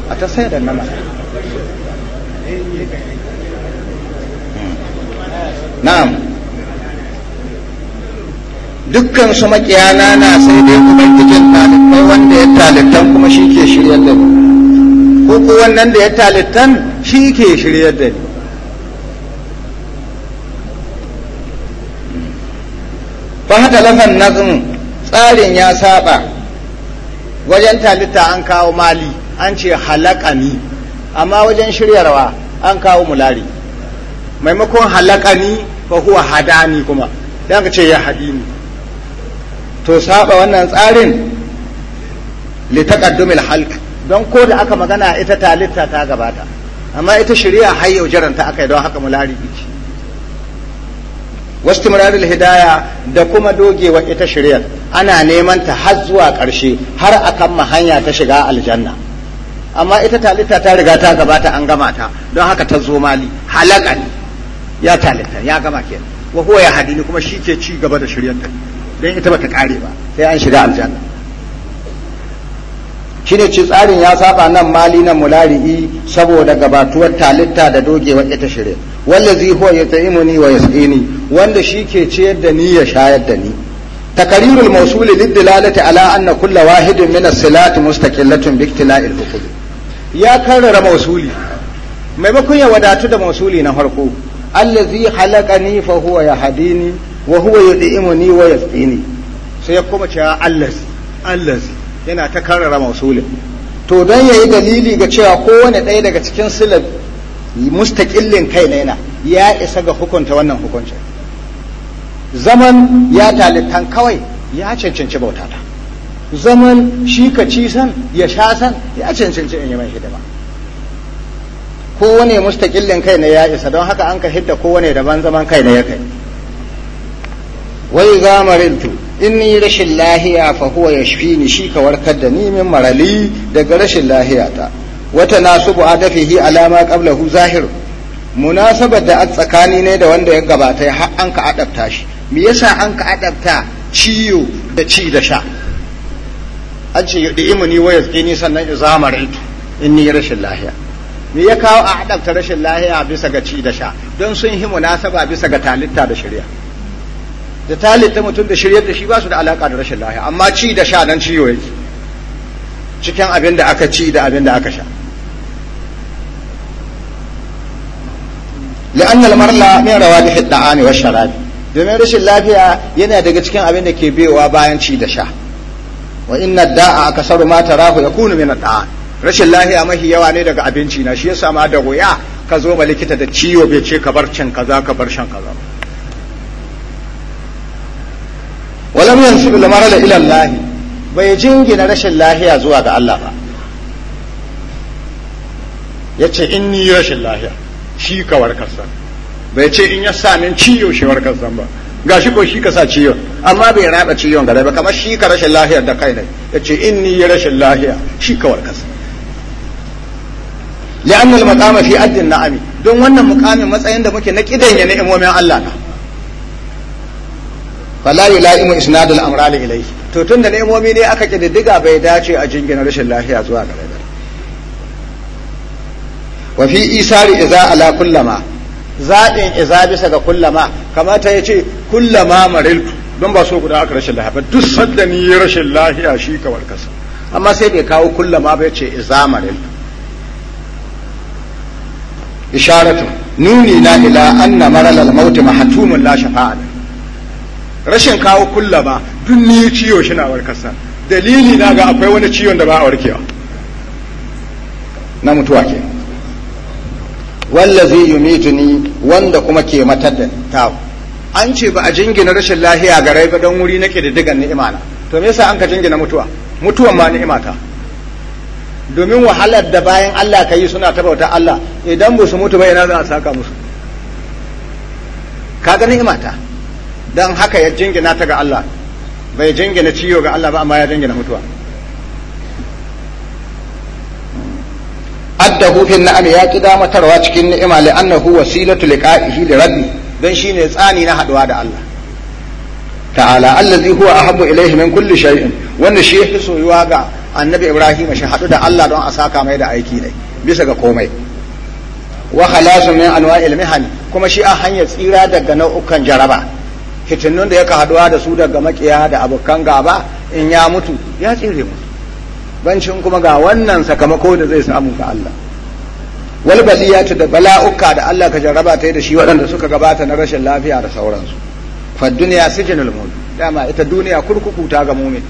B: a ta da nama na'am dukkan su makiyana na sai dai ubangijin talibai wanda ya talittan kuma shi ke shirya da ku ko wannan da ya talittan shi ke shiryar da ni fa hata lafan nazmu tsarin ya saba wajen talita an kawo mali an ce halakani amma wajen shiryarwa an kawo mulari maimakon halakani fa huwa hadani kuma don ka ce ya hadini to saba wannan tsarin li halka don ko da aka magana ita talita ta gabata amma ita shari'a har yau jaranta aka yi don haka mulari biki wasu hidaya da kuma dogewa ita shari'ar ana neman ta har zuwa ƙarshe har a kan mahanya ta shiga aljanna amma ita talita ta riga ta gabata an gama ta don haka ta zo mali halaka ya talita ya gama ke wa huwa ya hadini kuma shi ke ci gaba da shari'ar don ita bata kare ba sai an shiga aljanna shine ci tsarin ya saba nan mali na mulari'i saboda gabatuwar talitta da dogewar ita shirya wanda zai huwa ya ta'imu ni wa yasini wanda shi ke ciyar da ni ya sha yadda ni takarirul mausuli liddilalati ala anna kulla wahidin min as-salati mustaqillatun bi iktila'il ya karrara mausuli maimakon ya wadatu da mausuli na harko. farko allazi ni fa huwa ya yahdini wa huwa ya yud'imuni wa yasqini sai ya kuma cewa allazi allazi yana ta karrara mausulin to don ya yi dalili ga cewa kowane ɗaya daga cikin silar mustaƙillin kai na ya isa ga hukunta wannan hukuncin zaman ya talittan kawai ya cancanci bautata zaman shi ka ci san ya sha san ya cancanci in yi mai hidima kowane mustaƙillin kai na ya isa don haka an ka hidda kowane daban zaman kai na ya kai wai zamarin tu. in ni rashin lahiya fa huwa yashfini shi ka warkar da ni min marali daga rashin lahiya ta wata nasubu adafihi alama qablahu zahir munasabar da a tsakani ne da wanda ya gabata har an ka adabta shi me yasa an ka adabta ciyo da ci da sha an ce da imani waya tsini sannan izamar ito in ni rashin lahiya me ya kawo a adabta rashin lahiya bisa ga ci da sha don sun yi munasaba bisa ga talitta da shari'a da ta mutum da shiryar da shi ba su da alaka da rashin lafiya amma ci da sha nan ciwo yake cikin abin da aka ci da abin da aka sha لأن المرلى من روادح الطعام والشراب domin rashin lafiya yana daga cikin abin da ke biyowa bayan ci da sha wa inna da'a akasaru ma tarahu yakunu min at'am rashin lafiya mahi yawa ne daga abinci na shi yasa ma da goya ka zo ma likita da ciwo bai ce ka bar cin kaza ka bar shan kaza walam yansibu al-marada ila bai jingina rashin lahiya zuwa ga Allah ba yace inni rashin lahiya shi ka warkar bai ce in gashi ko shi kasa sa amma bai raba ciyon gare ba kamar shi ka rashin lahiyar da kai ne ni yi rashin lahiya shi kawar kasa. san maqama fi addin na'ami don wannan mukamin matsayin da muke na kidan ya ni'imomin Allah na fala yula'imu isnadul amrali ilayhi to tun da nemomi ne aka kididdiga bai dace a jingina rashin lafiya zuwa gare da wa fi isari iza ala kullama zaɓin iza bisa ga kullama kamata ya ce kullama mariltu don ba so guda aka rashin lafiya duk sadda ni rashin lafiya shi kawar kasa amma sai bai kawo kullama bai ce iza mariltu isharatu nuni na ila anna maral al-maut mahtumun la shafa'a rashin kawo kulla ba duk ni ciwo shi na warkarsa dalili na ga akwai wani ciwon da ba a warkewa na mutuwa ke wallazi yumituni wanda kuma ke matar da ta an ce ba a jingina rashin lahiya ga rai ba don wuri nake da digan ni'ima na to me yasa an ka jingina mutuwa mutuwan ma ni'ima ta domin wahalar da bayan Allah ka yi suna tabauta Allah idan ba su mutu ba ina za a saka musu ka ga ni'ima ta don haka ya jingina ta ga Allah bai jingina ciyo ga Allah ba amma ya jingina mutuwa addahu fi na'am ya ki damatarwa cikin ni'ima li annahu wasilatu liqa'ihi li rabbi dan shine tsani na haduwa da Allah ta'ala allazi huwa ahabbu ilayhi min kulli shay'in wanda shi yake soyuwa ga annabi ibrahim shi hadu da Allah don a saka mai da aiki ne bisa ga komai wa khalasun min anwa'il mihan kuma shi a hanyar tsira daga nau'ukan jaraba fitinnun da yaka haduwa da su daga makiya da abokan gaba in ya mutu ya tsere mutu bancin kuma ga wannan sakamako da zai samu ga Allah wal basiyatu da bala'uka da Allah ka jarraba ta da shi waɗanda suka gabata na rashin lafiya da sauransu fa duniya sijinul mu'min dama ita duniya kurkuku ta ga mu'min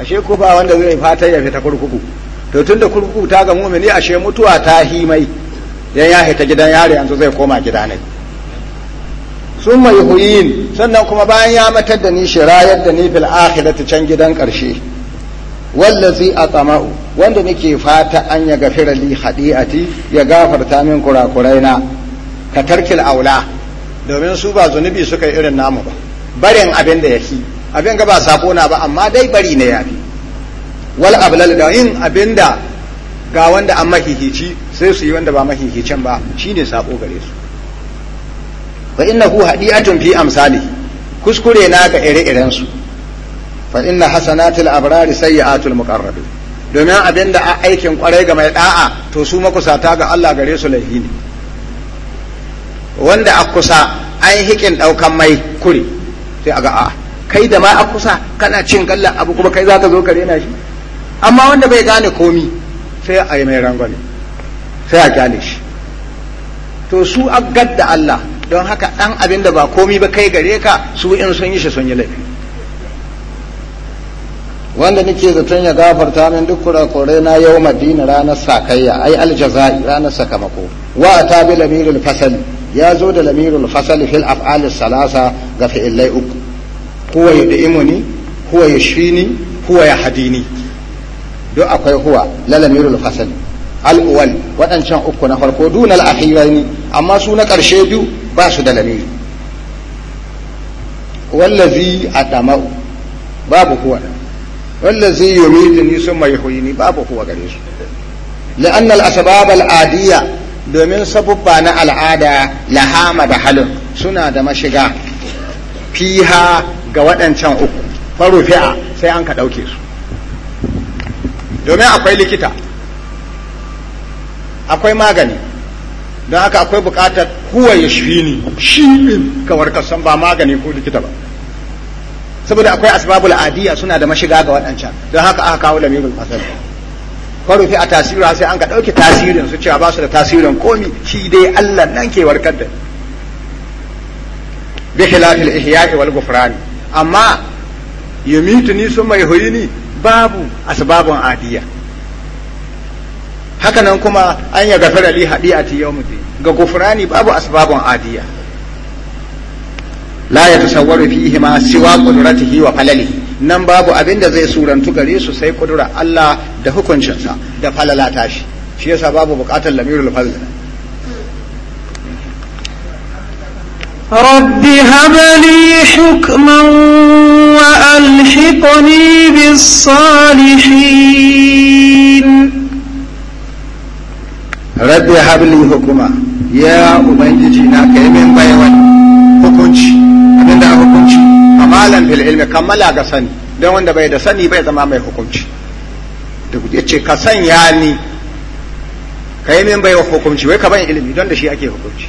B: ashe ko ba wanda zai fata ya fita kurkuku to tunda kurkuku ta ga mu'mini ashe mutuwa ta himai yan ya hita gidan yare yanzu zai koma gida ne sun mai huyin sannan kuma bayan ya matar da ni shi rayar da ni fil ta can gidan ƙarshe wallazi a tsama'u wanda nake fata an ya gafira li hadi'ati ya gafarta min kurakuraina ka tarkil aula domin su ba zunubi suka yi irin namu ba barin abin da yake abin ga ba sabo na ba amma dai bari ne yafi wal ablal da in abin da ga wanda an mahihici sai su yi wanda ba mahihicin ba shine sabo gare su fa hu hadiyatun fi amsali kuskure na ga ire-iren su fa inna hasanatul abrari sayyi'atul muqarrabin domin abinda a aikin kwarai ga mai da'a to su makusata ga Allah gare su laifi ne wanda a kusa an hikin daukan mai kure sai aga a kai da ma a kusa kana cin gallan abu kuma kai zaka zo ka rena shi amma wanda bai gane komi sai a yi mai rangwane sai a gane shi to su aggar da Allah don haka ɗan abin da ba komi ba kai gare ka su in sun yi shi sun yi laifi wanda nake zaton ya gafarta min duk kurakurai na yau madina ranar sakayya ai aljaza'i ranar sakamako wa ta bi lamirul fasal ya zo da lamirul fasal fil af'al salasa ga fi'illai uku huwa yud'imuni huwa yashfini huwa yahdini duk akwai huwa la lamirul fasal al waɗancan uku na farko dunal akhiraini amma su na ƙarshe biyu ba su da lamiri wallazi a dama'u babu huwa wallazi yumitu ni sun mai babu huwa gare su la'anna al-asbab al-adiyya domin sabubba na al'ada lahama da halin suna da mashiga fiha ga waɗancan uku farufi'a sai an ka ɗauke su domin akwai likita akwai magani don haka akwai bukatar huwa ya shi ni shi ne ka kasan ba magani ko likita ba saboda akwai asbabul adiya suna da mashiga ga waɗancan don haka aka kawo lamirin asali fi a tasiri sai an ka ɗauke tasirin su cewa ba su da tasirin komi shi dai allah nan ke warkar da bi khilafil ihya'i wal ghufrani amma yumituni summa yuhyini babu asbabun adiya haka nan kuma an ya gafara li tiyo yawmidin ga gufrani babu asbabun adiya la tasawwaru fihi ma siwa qudratihi wa falali nan babu abin da zai surantu gare su sai kudura Allah da hukuncinsa da falala ta shi shi yasa babu bukatar lamirul rabbi
A: رب هب لي حكما وألحقني بالصالحين
B: rabbi habli hukuma ya ubangiji na kai min baiwan hukunci abinda hukunci amalan fil ilmi kammala ga sani don wanda bai da sani bai zama mai hukunci da ya ce ka sanya ni ka yi min baiwa hukunci wai ka ban ilimi don da shi ake hukunci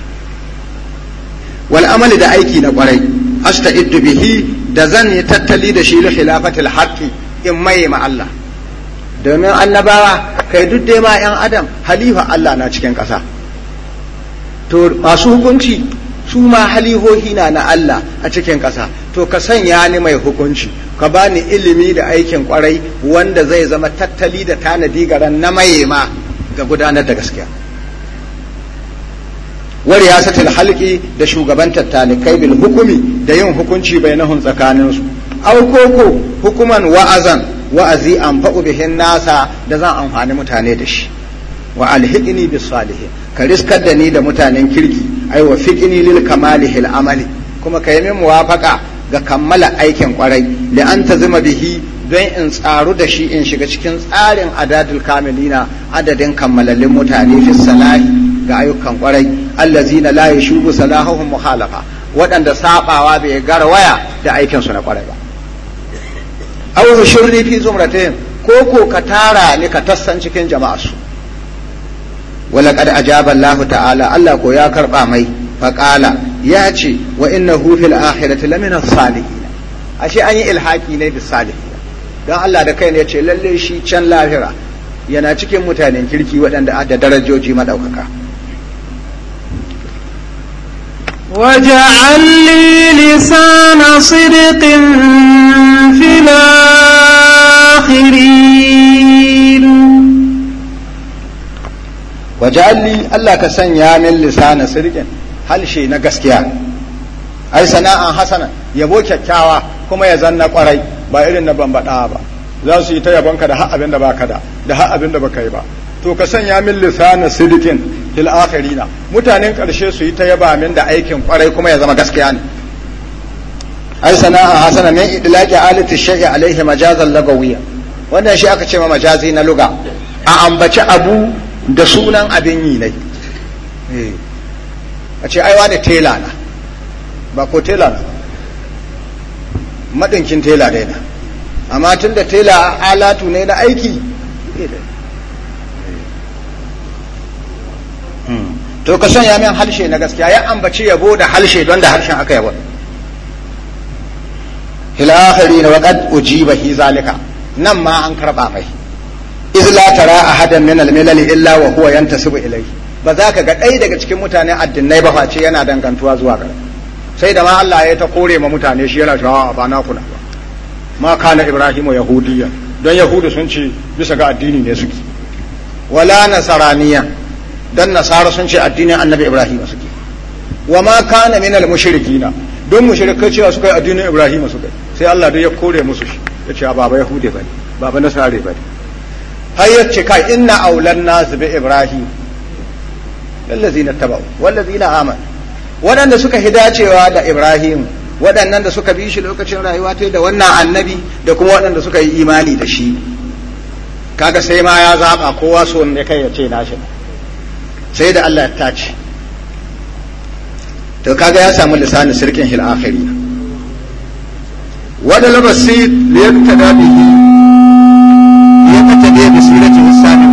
B: wal amali da aiki na kwarai asta'iddu bihi da zan yi tattali da shi li khilafatil haqqi in mai ma Allah domin annabawa kai duk dai ma 'yan adam halifa Allah na cikin ƙasa to masu hukunci su ma halihohi na na Allah a cikin ƙasa to ka sanya ni mai hukunci ka bani ilimi da aikin kwarai wanda zai zama tattali da tanadi garan na maye ma ga gudanar da gaskiya wari ya satil halki da shugaban kai bil hukumi da yin hukunci bai nahun tsakaninsu Auko koko hukuman wa'azan wa'azi an fa'u bihin nasa da zan amfani mutane da shi wa alhiqni bis salihin ka riskar da ni da mutanen kirki ai wa fiqni lil kamalihil amali kuma ka yi min muwafaƙa ga kammala aikin kwarai li an zima bihi don in tsaru da shi in shiga cikin tsarin adadul kamilina adadin kammalallin mutane fi salahi ga ayyukan kwarai allazina la yashubu salahuhum muhalafa waɗanda sabawa bai garwaya da aikin su na ƙwarai ba aw hushurni fi zumratihim ko ko ka tara ni ka tassan cikin jama'a su walaqad ajaba Allah ta'ala Allah ko ya karba mai qala ya ce wa innahu fil akhirati lamina salihin ashe an yi ilhaki ne bis salihin don Allah da kai ne ce lalle shi can lahira yana cikin mutanen kirki waɗanda da darajoji madaukaka
A: واجعل لي لسان صدق في
B: الآخرين واجعل لي الله كسنيا من لسان صدق هل شيء نقسكيا ai أي سناء حسنا يبوك كاوا كما يزن قري ba irin na bambaɗa za su yi ta yabonka da har abin da baka da da har abin da baka yi ba to ka sanya min lisanin sidikin fil akhirina mutanen karshe su yi ta yaba min da aikin kwarai kuma ya zama gaskiya ne ai sana'a hasana min idlaqi alati shay'i alaihi majazan lagawiyya wannan shi aka ce ma majazi na luga a ambaci abu da sunan abin yi ne eh. a ce aiwa da tela na ba ko tela na madinkin tela dai na amma tun da tela alatu ne na aiki eh, to ka sanya min halshe na gaskiya ya ambaci yabo da halshe don da harshen aka yabo hilakari na wa qad ujiba hi zalika nan ma an karɓa mai iz la a ahadan min al illa wa huwa yantasibu ilai ba za ka ga ɗaya daga cikin mutane addinai ba face yana dangantuwa zuwa ga sai da ma Allah ya ta kore ma mutane shi yana cewa ba na kula ba ma kana ibrahimu yahudiyya don yahudu sun ce bisa ga addini ne suke wala nasaraniya dan nasara sun ce addinin annabi ibrahim suke wa ma kana min al mushrikina don mushrikai cewa suka yi addinin ibrahim suka sai Allah dai ya kore musu shi ya ce baba yahude ne baba nasare bane har ya ce kai inna aulan nas bi ibrahim allazina tabau wallazina aman waɗanda suka hidacewa da ibrahim waɗannan da suka bi shi lokacin rayuwa ta da wannan annabi da kuma waɗanda suka yi imani da shi kaga sai ma ya zaɓa kowa so ne kai ya ce nashi sai da Allah ta ce to kaga ya samu lisanin sirkin hil akhiri wada labasi li yaktada bihi li bi sirati hisani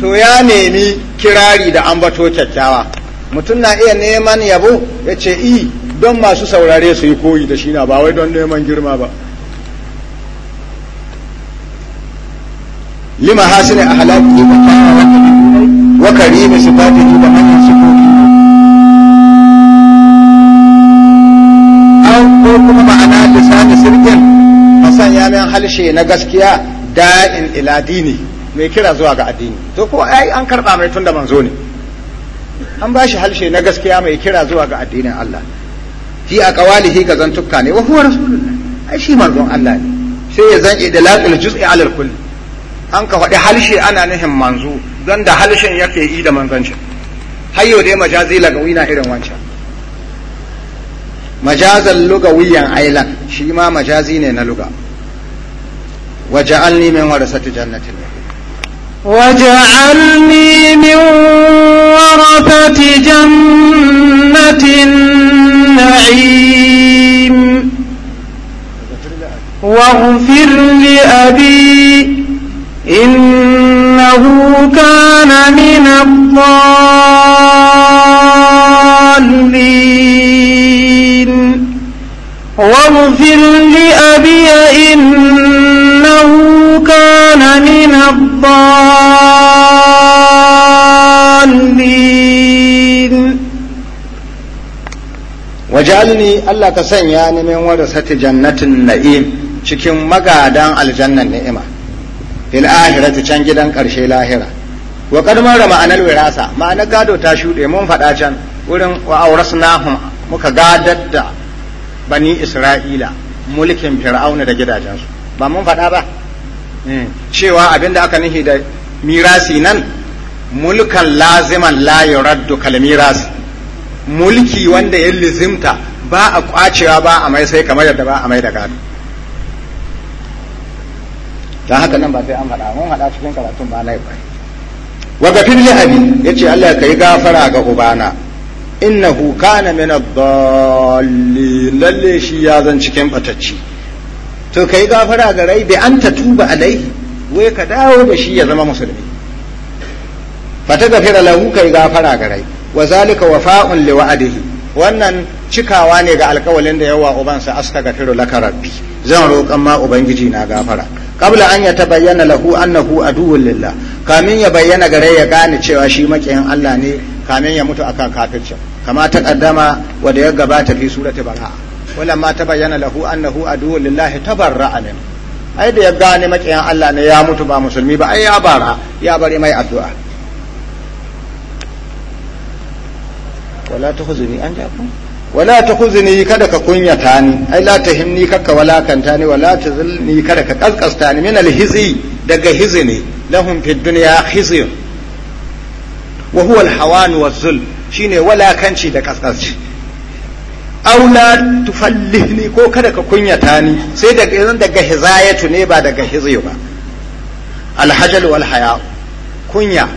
B: to ya nemi kirari da ambato kyakkyawa mutum na iya neman yabo yace ce i don masu saurare su yi koyi da shi na ba wai don neman girma ba
A: lima hasini ahlaki ba kawo wa wa karimi sifatihi da ko sifofi an ko kuma ma'ana
B: lisani sirkin masanya min halshe na gaskiya da'in ila dini mai kira zuwa ga addini to ko ai an karɓa mai tun da manzo ne an ba shi halshe na gaskiya mai kira zuwa ga addinin Allah fi a kawalihi ga zantukka ne wa huwa rasulullah ai shi manzon Allah ne sai ya zan idlaqul juz'i alal kulli an ka faɗi halshe ana nuhin manzo don da halshen yake yi da manzancin har yau dai majazi lagawi na irin wancan majazan lugawiyan ailan shi ma majazi ne na luga waja'alni min warasati jannatin
A: waja'alni min warasati jannatin na'im واغفر لأبي إنه كان من الضالين واغفر لأبي إنه كان من الضالين
B: وجعلني ألا تسنيا من ورثة جنة النعيم cikin magadan aljannan ni'ima fil ahirati can gidan karshe lahira wa mara ma'anar wirasa ma'anar gado ta shuɗe mun faɗa can wurin wa aurasnahum muka gadar da bani isra'ila mulkin fir'auna da gidajensu ba mun faɗa ba hmm. cewa abinda aka nihi da mirasi nan mulkan laziman la yuraddu kal mirasi mulki wanda ya lizimta ba a kwacewa ba a mai sai kamar yadda ba a mai da gado don haka nan ba sai an faɗa mun haɗa cikin karatun ba lai ba wa gafir li abi yace Allah kai gafara ga ubana innahu kana min ad-dallin lalle shi ya zan cikin batacci to kai gafara ga rai bi anta tuba alaihi wai ka dawo da shi ya zama musulmi fata gafara lahu kai gafara ga rai wa zalika wafa'un li wa'dihi wannan cikawa ne ga alkawalin da yawa ubansa astaghfiru laka rabbi zan roƙan ma ubangiji na gafara qabla an ya tabayyana lahu annahu aduwwul lillah kamin ya bayyana gare ya gane cewa shi makiyin Allah ne kamin ya mutu akan kafircin kama ta kaddama wanda ya gabata fi surati bara'a ma tabayyana lahu annahu aduwwul lillah tabarra'a min ai da ya gane makiyin Allah ne ya mutu ba musulmi ba ai ya bara ya bari mai addu'a wala ta huzuni an jaku wala ta huzuni kada ka kunyata ni ai la tahimni kaka walakanta ni wala ta zulni kada ka kaskasta ni min alhizi daga hizini lahum fi dunya khizyun wa huwa alhawan wazul shine kanci da kaskasci aula tufallihni ko kada ka kunyata ni sai daga yanzu daga hizayatu ne ba daga hizi ba alhajal wal haya kunya